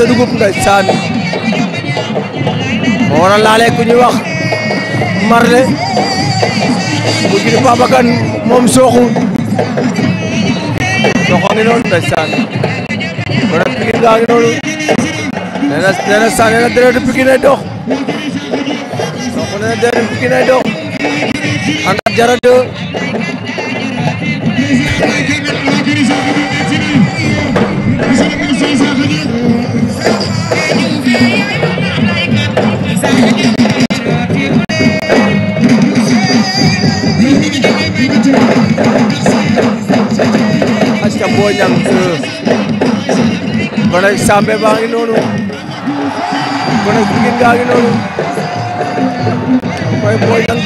[SPEAKER 5] sa dugub ndeysaan moo waral laalee ku ñuy wax marle ku jur Babakan moom sooxu sooxu a ngi noonu ndeysaan kon ak Pikine gaa ngi noonu nee na nee na saa nee na deretu Pikine ay dox sooxu nee na deretu Pikine ay dox ànd ak jara de Boy Niang 2 kon baa ngi noonu kon nag Pikine ngi noonu mooy Boy Niang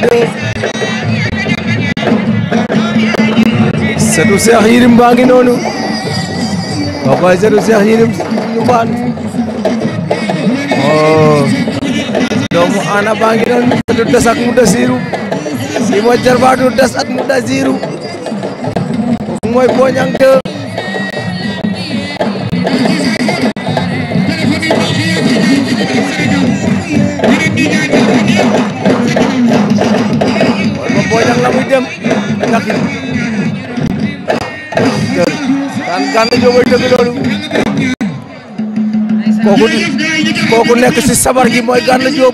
[SPEAKER 5] setu Cheikh Yirim baa ngi noonu waaw setu Cheikh Yirim ñu baan oh, doomu ana baa ngi noonu setu des ak mu dasiru mooy jarbaatu des ak mu dasiru mooy Boy Niang Gana Diop mooy dëgg kooku nekk ci sabar gi mooy Gana Diop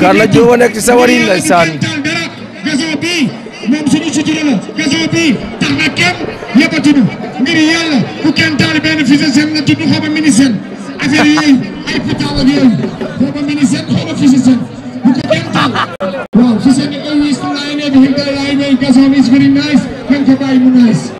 [SPEAKER 5] Gana Diop a nekk si sabar yi ndeysaan
[SPEAKER 4] moom suñu sutura la gaso bi tax na kenn yëppatuñu ngir yàlla ku kenn taal benn fusée seen nga tudd xaw ma ministère affaire yooyu ay pétard ak yooyu xaw
[SPEAKER 2] ma ministère xaw ma fusée seen bu ko kenn taal very nice nañ ko bàyyi mu nice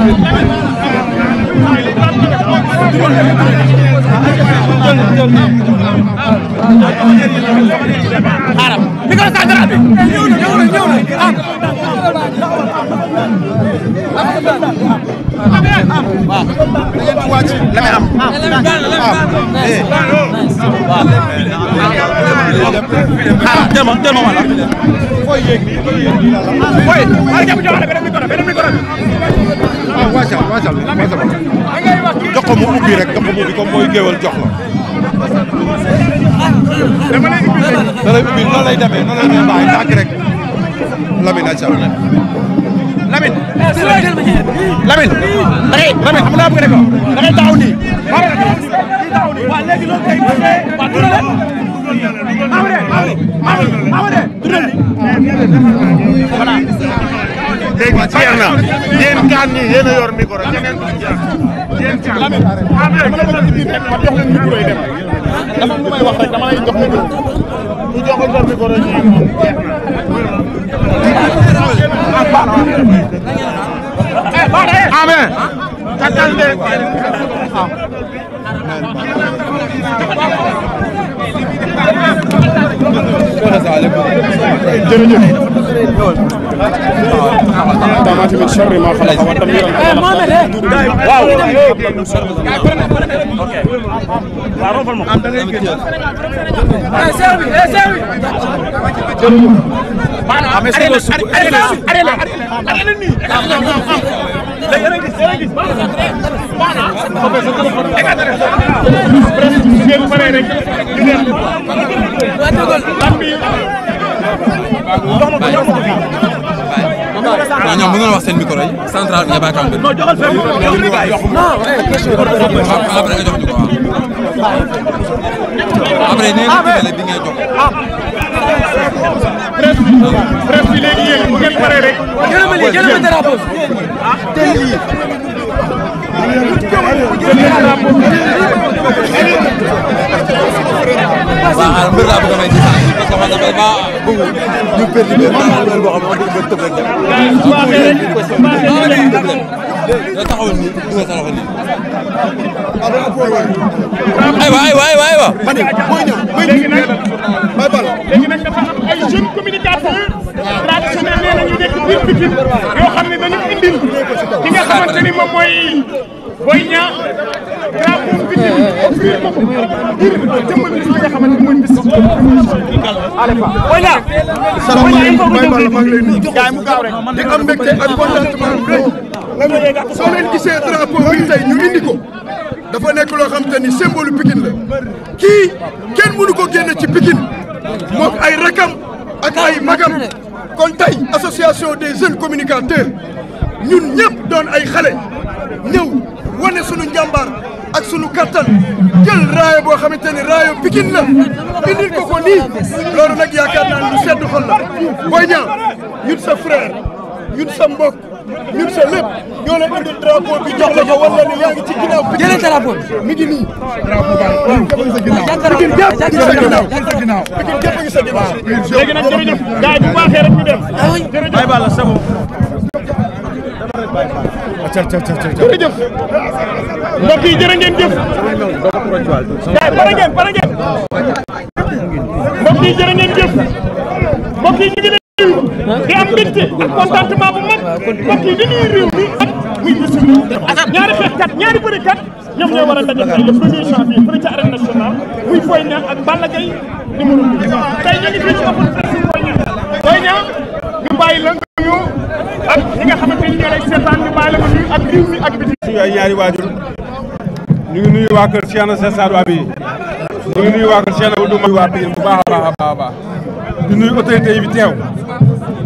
[SPEAKER 2] xaaral mi ko sànqal bi ñëw na ñëw na ñëw na
[SPEAKER 3] am. waaw. la nga am. waaw. xaaral jël ma jël ma wala. fooy yéeg fooy. waaye jàpp jox la beneen micro beneen micro bi. waaw macha allah macha allah macha allah jox ko mu ubbi rek jox ko mu ubbi comme mooy géwal jox la. dama lay ubbi rek. da lay ubbi noonu lay demee noonu lay demee baax yi tànk rek Lamine incha allah.
[SPEAKER 7] Lamine.
[SPEAKER 4] Lamine. Lamine xam nga daa bëgg rek waaw da ngay taxaw nii. waaw léegi loolu kay mos de waaw dundal leen. Mamadé Mamadé Mamadé dundal.
[SPEAKER 3] voilà. léegi jeex na yéen kaan ñi yéen a yor micro ñeneen yéen kaan. am na jox leen micro yi dem dafa am lu may wax rek dama lay jox micro. bu joxul sa micro ñii moom jeex na. amee. takkal de. jërëjëf. دامات من شر ما خلق والدمير واو
[SPEAKER 7] اوكي معروف المخ يا ساوي يا ساوي
[SPEAKER 3] Thank you. waaw ñoom mënoon wax seen micro yi central bi nga bàyyi kàmb. non joxal fenn après nga jox ñu ko waaw. après bi ngay bi léegi yéen bu ngeen paree rek. ma drapeau
[SPEAKER 4] waaw mbir laa bëgg a may ci sax parce que man dafa ma bëgg ñu perdi benn mbir boo xam ne dafa tëb rek dem. da taxawal nii du nga taxawal nii. aywa aywa aywa aywa. ma ne mooy ñëw mooy ñëw.
[SPEAKER 3] bay bal. léegi nag dafa am ay jeunes communicateurs. traditionnels nee na ñu nekk biir Pikine yoo xam ne dañu indil.
[SPEAKER 2] ki nga xamante
[SPEAKER 4] ni moom mooy. Boy Niang drapeau bi ngir jëmmal bis bi nga xamante ni mooy bis bi. Alpha Boy Niang.
[SPEAKER 7] salaamaaleykum Baye Balla maa ngi lay nuyu.
[SPEAKER 3] gars yi mu gaaw rek di am mbégte ak contentement bu rëy. soo leen gisee drapeau bi tey ñu indi ko. dafa nekk loo xam te ni symbole Pikine la kii kenn mënu ko génne ci Pikine moom ay rakam ak ay magam kon tey association des jeunes communicateurs ñun ñëpp doon ay xale ñëw wane sunu njàmbaar ak sunu kattan jël raayo boo xamante ne raayo Pikine la indil ko ko nii loolu nag yaakaar naa ne sedd xol la Boy Niang ñun sa frère ñun sa mbokk ñun sa lépp ñoo la indil
[SPEAKER 4] drapeau bi jox la ko wala yaa ngi ci ginnaaw Pikine jëlee drapeau sa ginnaaw Pikine jàpp ngi sa ginnaaw
[SPEAKER 7] Pikine jàpp ngi sa ginnaaw
[SPEAKER 4] léegi nag jërëjëf gars yi
[SPEAKER 7] bu baaxee rek ñu dem ah jërëjëf Baye Balla
[SPEAKER 2] jërëjëf
[SPEAKER 3] mbokk yi jëf gaay pare
[SPEAKER 7] ngeen pare ngeen mbokk yi jërë jëf mbokk yi ñu ngi leen di ñaari xeexkat ñaari bërekat ñoom ñoo war a daje tey le premier janvier fële ca
[SPEAKER 4] muy Boy Niang ak Balla Gaye
[SPEAKER 7] numéro
[SPEAKER 2] bi
[SPEAKER 4] tey ñu ngi fii ci open
[SPEAKER 3] presse Boy Niang Boy Niang ñu bàyyi la ak ñi nga xamante ak suñu ay ñaari waajur ñu ngi nuyu waa kër Cheikhna Cheikh Sadou Abi ñu ngi nuyu waa kër Cheikhna Oudou Mbaye waa Pikine bu baax a baax a baax di nuyu autorité yi fi teew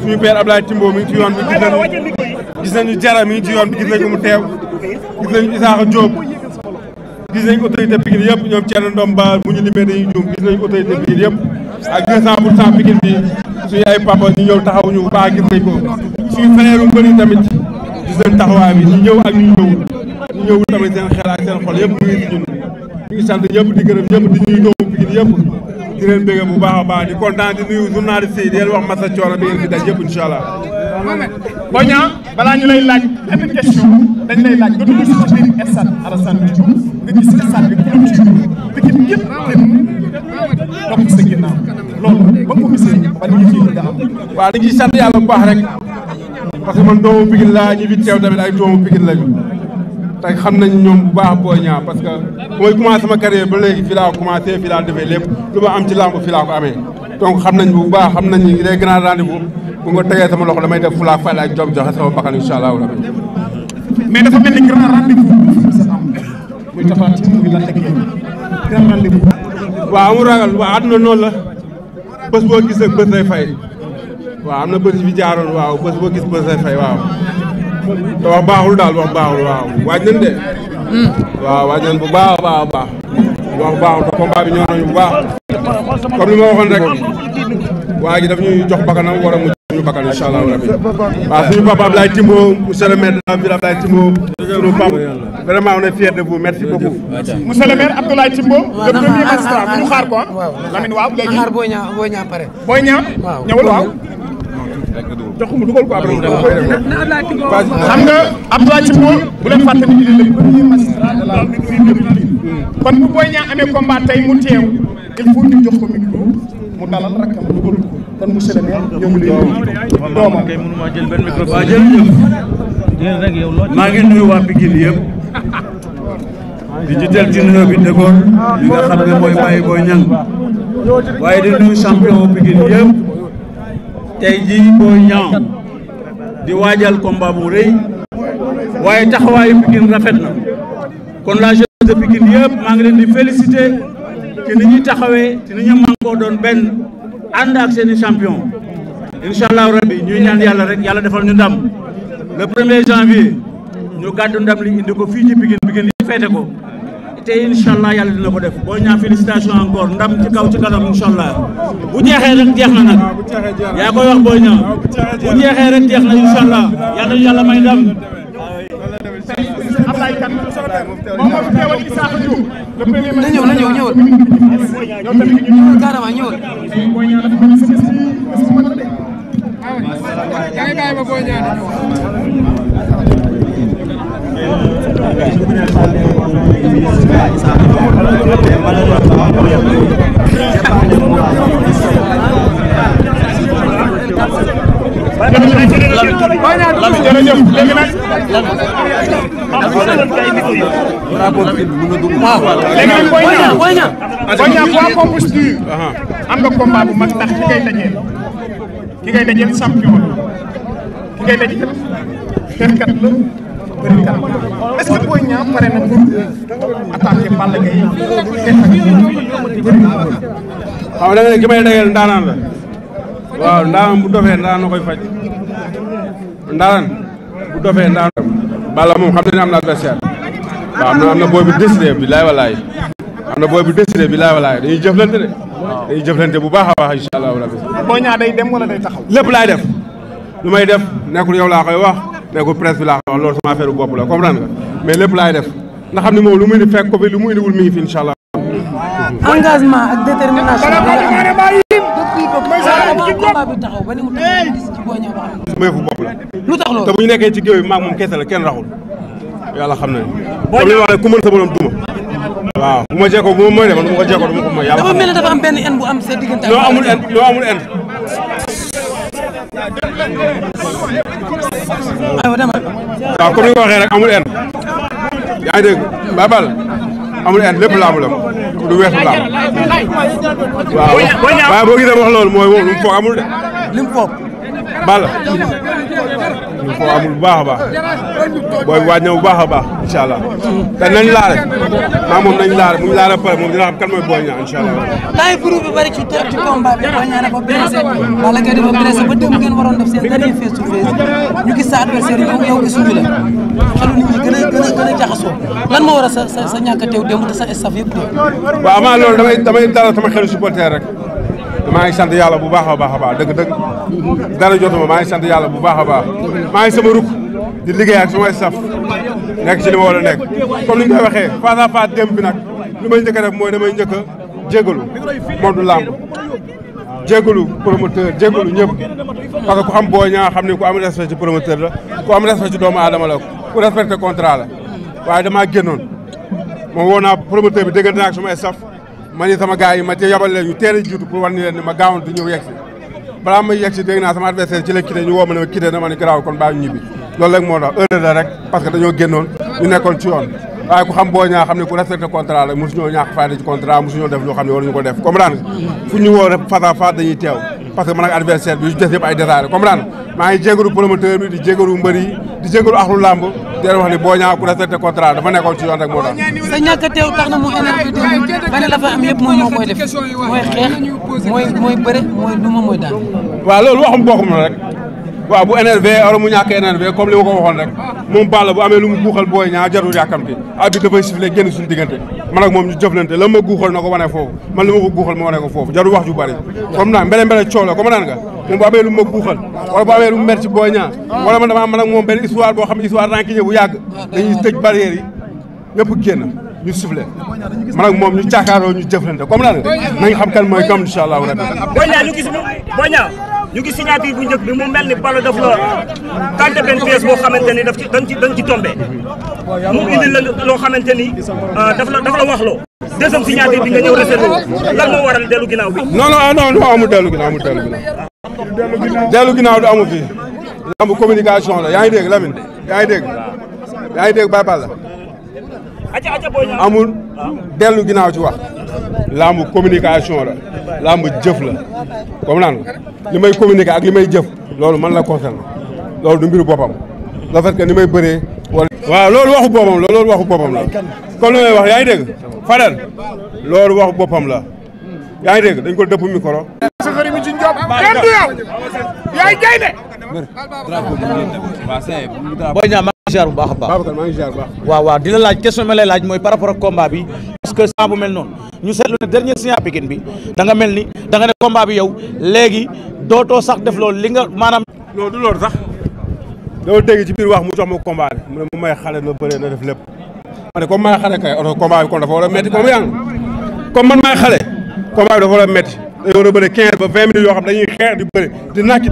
[SPEAKER 3] suñu ci yoon bi gis nañu gis Jara mi ngi ci yoon bi gis nañu mu teew gis nañu Isaaxa Diop gis nañu autorité Pikine yëpp ñoom Thierno Ndom Ba bu ñu limee dañuy juum gis nañu autorité Pikine yëpp ak 200 pour cent Pikine bi suñu ay papa ñu ñëw taxawuñu bu baax gis nañ ko suñu frère yu tamit ci seen taxawaay bi ñu ñëw ak ñu ñëw ñu ñëw tamit seen xel ak seen xol yëpp mu ngi ci ñun ñu ngi sant ñëpp di gërëm ñëpp di ñuy doomu Pikine yëpp di leen bëgg bu baax a baax di kontaan di nuyu journaliste yi di leen wax masa coono bi ngeen fi daj yëpp incha allah boo ñaa balaa ñu lay laaj benn lay laaj nga dugg si biir stade Alassane Diouf nga gis stade bi clôture Pikine yëpp topp sa ginnaaw loolu ba mu gisee ban yëf yi nga am waaw dañuy sant rek parce que man doomu Pikine laa ñu fi teew tamit ay doomu Pikine lañu te xam nañ ñoom bu baax Boy Niang parce que mooy commencé sama carrière ba léegi fi laa commencé fi laa defee lépp lu ma am ci làmb fi laa amee donc xam nañ bu baax xam nañ i grands rendez-vous bu nga tegee sama loxo damay def fulaak fayda ak jom joxe sama bakkan incha allahu rabbi mais dafa mel ni grand rendez-vous muy tafaat bi la teg grand rendez-vous waaw mu ragal waaw àdduna noonu la bés boo gis ak bés waaw am na bés bi jaaroon waaw bés boo gis bés lay fay waaw. te wax baaxul daal wax baaxul waaw waaj nañ de. Hmm. waaw waaj nañ bu baax a baax a baax. wax baaxul te combat bi ñëw bu baax.
[SPEAKER 2] comme li ma waxoon rek.
[SPEAKER 3] waa ji ñuy jox bakkanam war a suñu bakkan incha allah rabi waaw suñu papa Abdoulaye Timbo monsieur le maire de la ville Abdoulaye Timbo suñu papa vraiment on est fiers de vous merci beaucoup. monsieur le maire Abdoulaye Timbo. le premier magistrat bu ñu xaar
[SPEAKER 4] ko ah. Lamine waaw léegi xaar booy ñaa booy ñaa waaw.
[SPEAKER 3] jox mu dugal ko après
[SPEAKER 1] xam nga Abdoulaye Timbo
[SPEAKER 3] bu leen fàtte ni le premier magistrat de la ville kon bu booy ñaa amee combat mu teew il faut ñu jox ko micro mu dalal ko. kon monsieur le maire ñoo ngi lay
[SPEAKER 5] nuyu. doomam kay mënuma jël maa ngi nuyu waa Pikine yëpp. di ci teel bi dëkkoon li nga xam ne
[SPEAKER 3] mooy Baye Boye Niang waaye di nuyu champion Pikine yëpp. tey jii Boye Niang di waajal combat bu rëy. waaye taxawaayu Pikine rafet na. kon la jeunesse de Pikine yëpp maa ngi leen di féliciter ci ni ñuy taxawee ci ni ñu mànkoo doon benn. ànd ak seen i champion incha rabbi ñuy ñaan yàlla rek yàlla defal ñu ndam le premier janvier
[SPEAKER 2] ñu
[SPEAKER 7] gàddu ndam li indi ko fii ci Pikine Pikine yi feete ko te incha allah yàlla dina ko def boo ñaan félicitation ndam ci kaw ci kanam incha bu jeexee rek jeex
[SPEAKER 3] yaa koy wax boo ñaan bu
[SPEAKER 7] jeexee rek jeex na ah, ah, incha allah yàlla yàlla may ndam
[SPEAKER 3] Abdoulaye Kane moom moo fi teewal Issakha Diop. le premier ministre ñëw na ñëw ñëwal. ñoom tamit ñëwal carrément ñëwal. yaa
[SPEAKER 2] ngi bàyyi ba boo ñaanee.
[SPEAKER 7] léegi
[SPEAKER 3] am nga combat bu mag ndax ki ngay dajeel ki ngay dajeel champion ki ngay dajeel fenkat la bërikat la est-ce que Boy Niang pare na pour attaquer Balla Gaye xeex ak bëri xaw da nga ne ki may dajeel ndaanaan la waaw ndaan bu dofee ndaan na koy faj ndaan bu dofee ndaan bala moom xam na ne am na adversaire waaw am na am na booy bu décidé bi laay walaay am na booy bu décidé bi laay walaay dañuy jëflante de dañuy jëflante bu baax a baax incha allahu rabbi boo ñaa day dem wala day taxaw lépp laay def lu may def nekkul yow laa koy wax nekkul presse bi laa koy wax loolu sama affaire bu bopp la comprendre nga mais lépp laay def nga xam ne moom lu muy indi fekk ko fi lu muy indiwul mi ngi fi incha
[SPEAKER 1] kii boobu mooy sax combat bi taxaw
[SPEAKER 4] may fu bopp la lu tax
[SPEAKER 3] loolu bu ñu nekkee ci géew bi maag moom kese la kenn raxul yàlla xam na comme li wax ne ku mën sa borom duma waaw bu ma jekkoo bu ma mooy de ma ko jekkoo du ko mooy yàlla
[SPEAKER 7] am benn en bu am sa diggante loo amul en loo
[SPEAKER 3] amul en waaw comme ni waxee rek amul en yaa ngi babal amul at lépp laamu la
[SPEAKER 2] du weesu laam waaw waaye boo
[SPEAKER 3] gisee wax loolu mooy moom lu mu amul de.
[SPEAKER 2] li mu foog. Balla. lu amul bu baax a baax booy waaj
[SPEAKER 3] na bu baax a baax incha allah laare maa moom nañ laare bu ñu laare pare moom dina xam kan mooy booy
[SPEAKER 2] ñaa incha allah.
[SPEAKER 1] temps yi groupe bi bëri ci ci combat bi booy ñaa dafa blessé Balla Gaye dafa blessé ba démb ngeen waroon def seen dernier face to face ñu gis sa adversaire yow yow gisuñu la xalu jaxasoo lan moo war a sa sa sa ñàkk a teew démb te sa staff yëpp teew. waaw amaa loolu
[SPEAKER 3] damay damay dalal sama xelu supporter rek maa ngi sant yàlla bu baax a baax a baax dëgg dëgg dara jotuma maa ngi sant yàlla bu baax a baax maa ngi sama rukk di liggéey ak sama staff
[SPEAKER 2] nekk ci li ma war nekk comme ni ñu koy waxee face à face
[SPEAKER 3] démb bi nag li may njëkk rek mooy dama njëkk a jégalu Modou Lamb jégalu promoteur jégalu ñëpp parce que ku am boo ñaa xam ne ku am respect ci promoteur la ku am respect ci doomu aadama la ku respecté contrat la waaye damaa génnoon moom woo naa promoteur bi dégg naa ak sama staff ma yi ma te yabal leen ñu teel a jiitu pour wan ni leen ma gaawoon du ñëw yegg si ma yegg si naa sama adversaire ci la quitté ñu woo ma na ma ne kon baa ñu ñibbi loolu rek moo tax heure rek parce que dañoo génnoon ñu nekkoon ci yoon waaye ku xam boo ñaa xam ne ku respecté contrat la mosuñoo ñàkk fayda ci contrat mosuñoo def loo xam ne waruñu ko def comprendre fu ñu woo parce que man ak adversaire bi yu des yëpp ay détails comprendre maa ngi jégalu di jégalu mbër yi di jégalu axlu làmb di leen wax ni boo ñaa ku respecté contrat dafa nekkoon ci yoon rek moo tax.
[SPEAKER 1] sa ñàkk a am yëpp mooy moo koy def mooy xeex mooy bëre mooy duma mooy daal.
[SPEAKER 3] waaw loolu waxum bokkum rek. waaw bu énervé wala mu ñàkk énervé li ma ko waxoon rek moom Balla bu amee lu mu guuxal booy ñaa jarul yàkkamti abi dafay sifflé génn suñu diggante man ak moom ñu jëflante la ma ko wane foofu man li ma ko guuxal ma wane ko foofu jarul wax ju bari comme naa mbele mbele coow naan nga moom bu amee lu wala bu amee lu mu wala man damaa man moom benn histoire boo xam ne histoire ranki bu yàgg dañuy tëj ñu soufflé man ak moom ñu jàkkaarloo ñu jëflante comme naan nañ xam kan mooy kam incha allah rabi. booy ñaa ñu
[SPEAKER 7] gis mu booy ñaa ñu gis signature bu njëkk bi mu mel ni Balla daf la tànn benn la loo xamante ni euh, daf la daf la wax loo. deuxième signature bi nga ñëw réservé lan moo waral dellu ginnaaw bi. non
[SPEAKER 3] non ah, dellu ginnaaw amul dellu ginnaaw. dellu ginnaaw du amul fii. lamb communication la yaa ngi dégg Lamine yaa ngi dégg yaa ngi dégg Baye Balla amul ah. dellu ginnaaw ci wax làmb communication la làmb jëf la comme naan li may communiquer ak li may jëf loolu man la concerne loolu du mbiru boppam le fait que ni may bëree wala waaw loolu waxu boppam la loolu waxu boppam la kon li wax yaa ngi dégg Fadel loolu waxu boppam la yaa ngi dégg dañ ko dëpp micro Boy Niang ziar waaw
[SPEAKER 7] waaw di la laaj question ma lay laaj mooy par rapport ak combat parce que saa mel noonu ñu seetlu ne dernier signé Pikine bi da nga mel ni da nga ne combat bi yow doo too sax def loolu li nga
[SPEAKER 3] maanaam. non du loolu sax dama ci biir wax mu jox ma combat bi mu ne mu may xale na bëree na def lépp ma ne comme may xale kay oto combat bi kon dafa war a métti comme yàlla comme man may xale combat dafa war a métti dañoo war a bëri 15 ba 20 minutes yoo xam dañuy xeex di bëri di nàkk di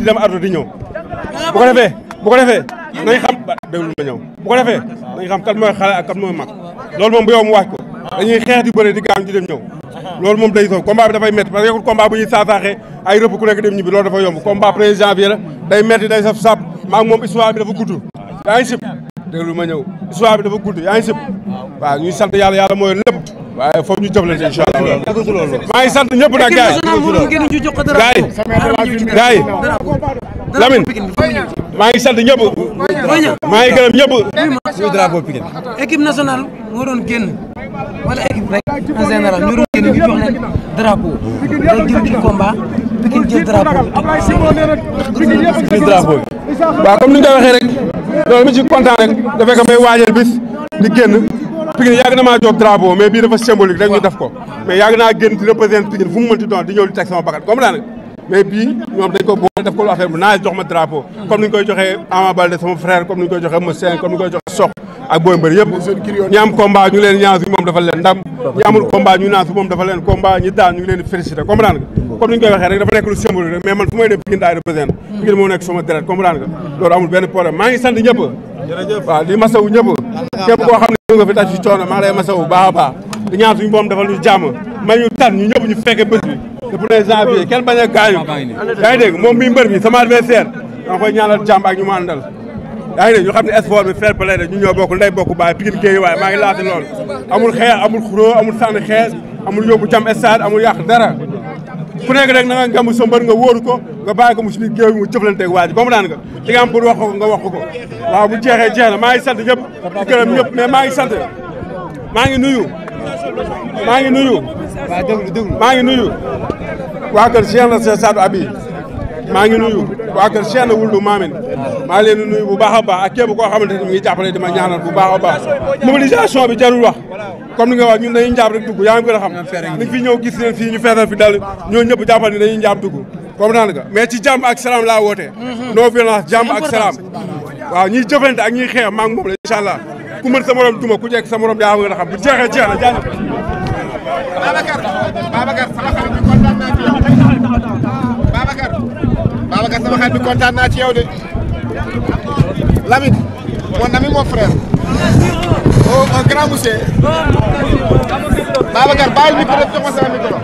[SPEAKER 3] dem nañ xam déglu ma ñëw bu ko defee nañ xam kan mooy xale ak kan mooy mag loolu moom bu yow mu waaj ko dañuy xeex di bëre di gaañ di dem ñëw loolu moom day soof combat bi dafay métti parce que yokkul combat bu ñuy saasaaxee ay rëbb ku nekk dem ñibbi loolu dafa yomb combat premier janvier la day métti day saf sap ma ak moom histoire bi dafa gudd yaa ngi sib déglu ma ñëw histoire bi dafa gudd yaa ngi sib waaw ñuy sant yàlla yàlla mooy lépp waaye foofu ñu jëflante incha allah maa ngi sant ñëpp nag gars yi
[SPEAKER 1] gars yi gars yi
[SPEAKER 3] Lamine maa ngi sant ñëpp maa ngi gërëm ñëpp. muy drapeau Pikine.
[SPEAKER 1] équipe nationale moo doon génn wala équipe ni nga ko rek loolu mi ci
[SPEAKER 3] kontaan rek dafay ko may waajal bis di génn. Pikine yàgg na maa jox drapeau mais bii dafa symbolique rek ñu def ko mais yàgg di représenter Pikine fu mu mënti doon di ñëw di teg sama bakkan comme daa mais bii ñoom dañ ko boole def ko lu affaire bu naa jox ma drapeau comme ni ñu koy joxee Ama Baldé sama frère comme ni ñu koy joxee Moussène comme ni ñu koy joxee Sokh ak booy mbër yëpp ñi am combat ñu leen ñaan suñu leen ndam ñi ñu naan ñu leen félicité comprendre nga comme ni ñu koy waxee rek dafa nekk lu symbolique rek fu may dem Pikine daay représente hmm. Pikine moo nekk sama deret comprendre nga loolu amul masawu ñëpp képp koo xam ne nga fi daj ci coono maa ngi masawu baax di ñaan ñu tan ñu ñëpp ñu fekkee le président bi kenn bañ a gaañu yaa ngi dégg moom mi mbër bi sama adversaire danga koy ñaanal jàmm ak ñu ma àndal yaa ngi dégg ñu xam ne sport bi fair play la ñu ñoo bokk ndey bokk baay Pikine géej waaye maa ngi laata lool amul xeex amul xuróo amul sànni xeex amul yóbbu jàmm stade amul yàq dara ku nekk rek na nga ngam sa mbër nga wóoru ko nga baa ko mu suñu géew mu jëflanteeg waa ji comprendre nga li nga am pour wax ko nga wax ko waaw bu jeexee jeex maa ngi sant ñëpp di gërëm ñëpp maa ngi sant maa ngi nuyu maa ngi nuyu maa ngi nuyu waa kër Cheikh na Abi maa ngi nuyu waa kër Cheikh na Wuldu Maamin maa leen di nuyu bu baax a baax ak képp koo xamante ni mi ngi jàppale dama ñaanal bu baax a baax mobilisation bi jarul wax comme ni nga wax ñun dañuy njaab rek dugg yaa ngi gën a xam ni fi ñëw gis leen fii ñu feesal fi dal ñoo ñëpp jàppal ni dañuy njaab dugg comprendre nga mais ci jàmm ak salaam laa woote
[SPEAKER 2] mhm. non violence jàmm ak salaam
[SPEAKER 3] waaw ñiy jëfante ak ñiy xeex maa ngi moom allah ku sa morom ku jekk sa morom yaa a xam bu jeexee
[SPEAKER 4] Babacar Babacar sama xarit bi kontaan naa ci yow de Lamine mon ami mon frère oh un grand monsieur Babacar bàyyil micro def jox ma sama micro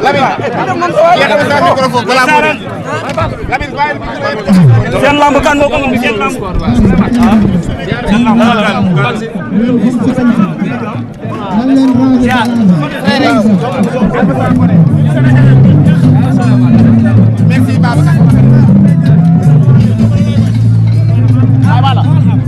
[SPEAKER 2] Lamine jox ma sama micro foofu balaa moo Lamine bàyyil micro seen lamb kan moo ko moom seen lamb seen lamb
[SPEAKER 4] merci Babacar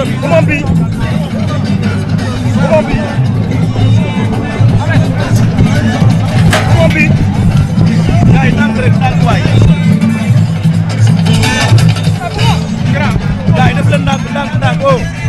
[SPEAKER 7] Come on, B. Come on, B. ndànk
[SPEAKER 2] ndànk oh.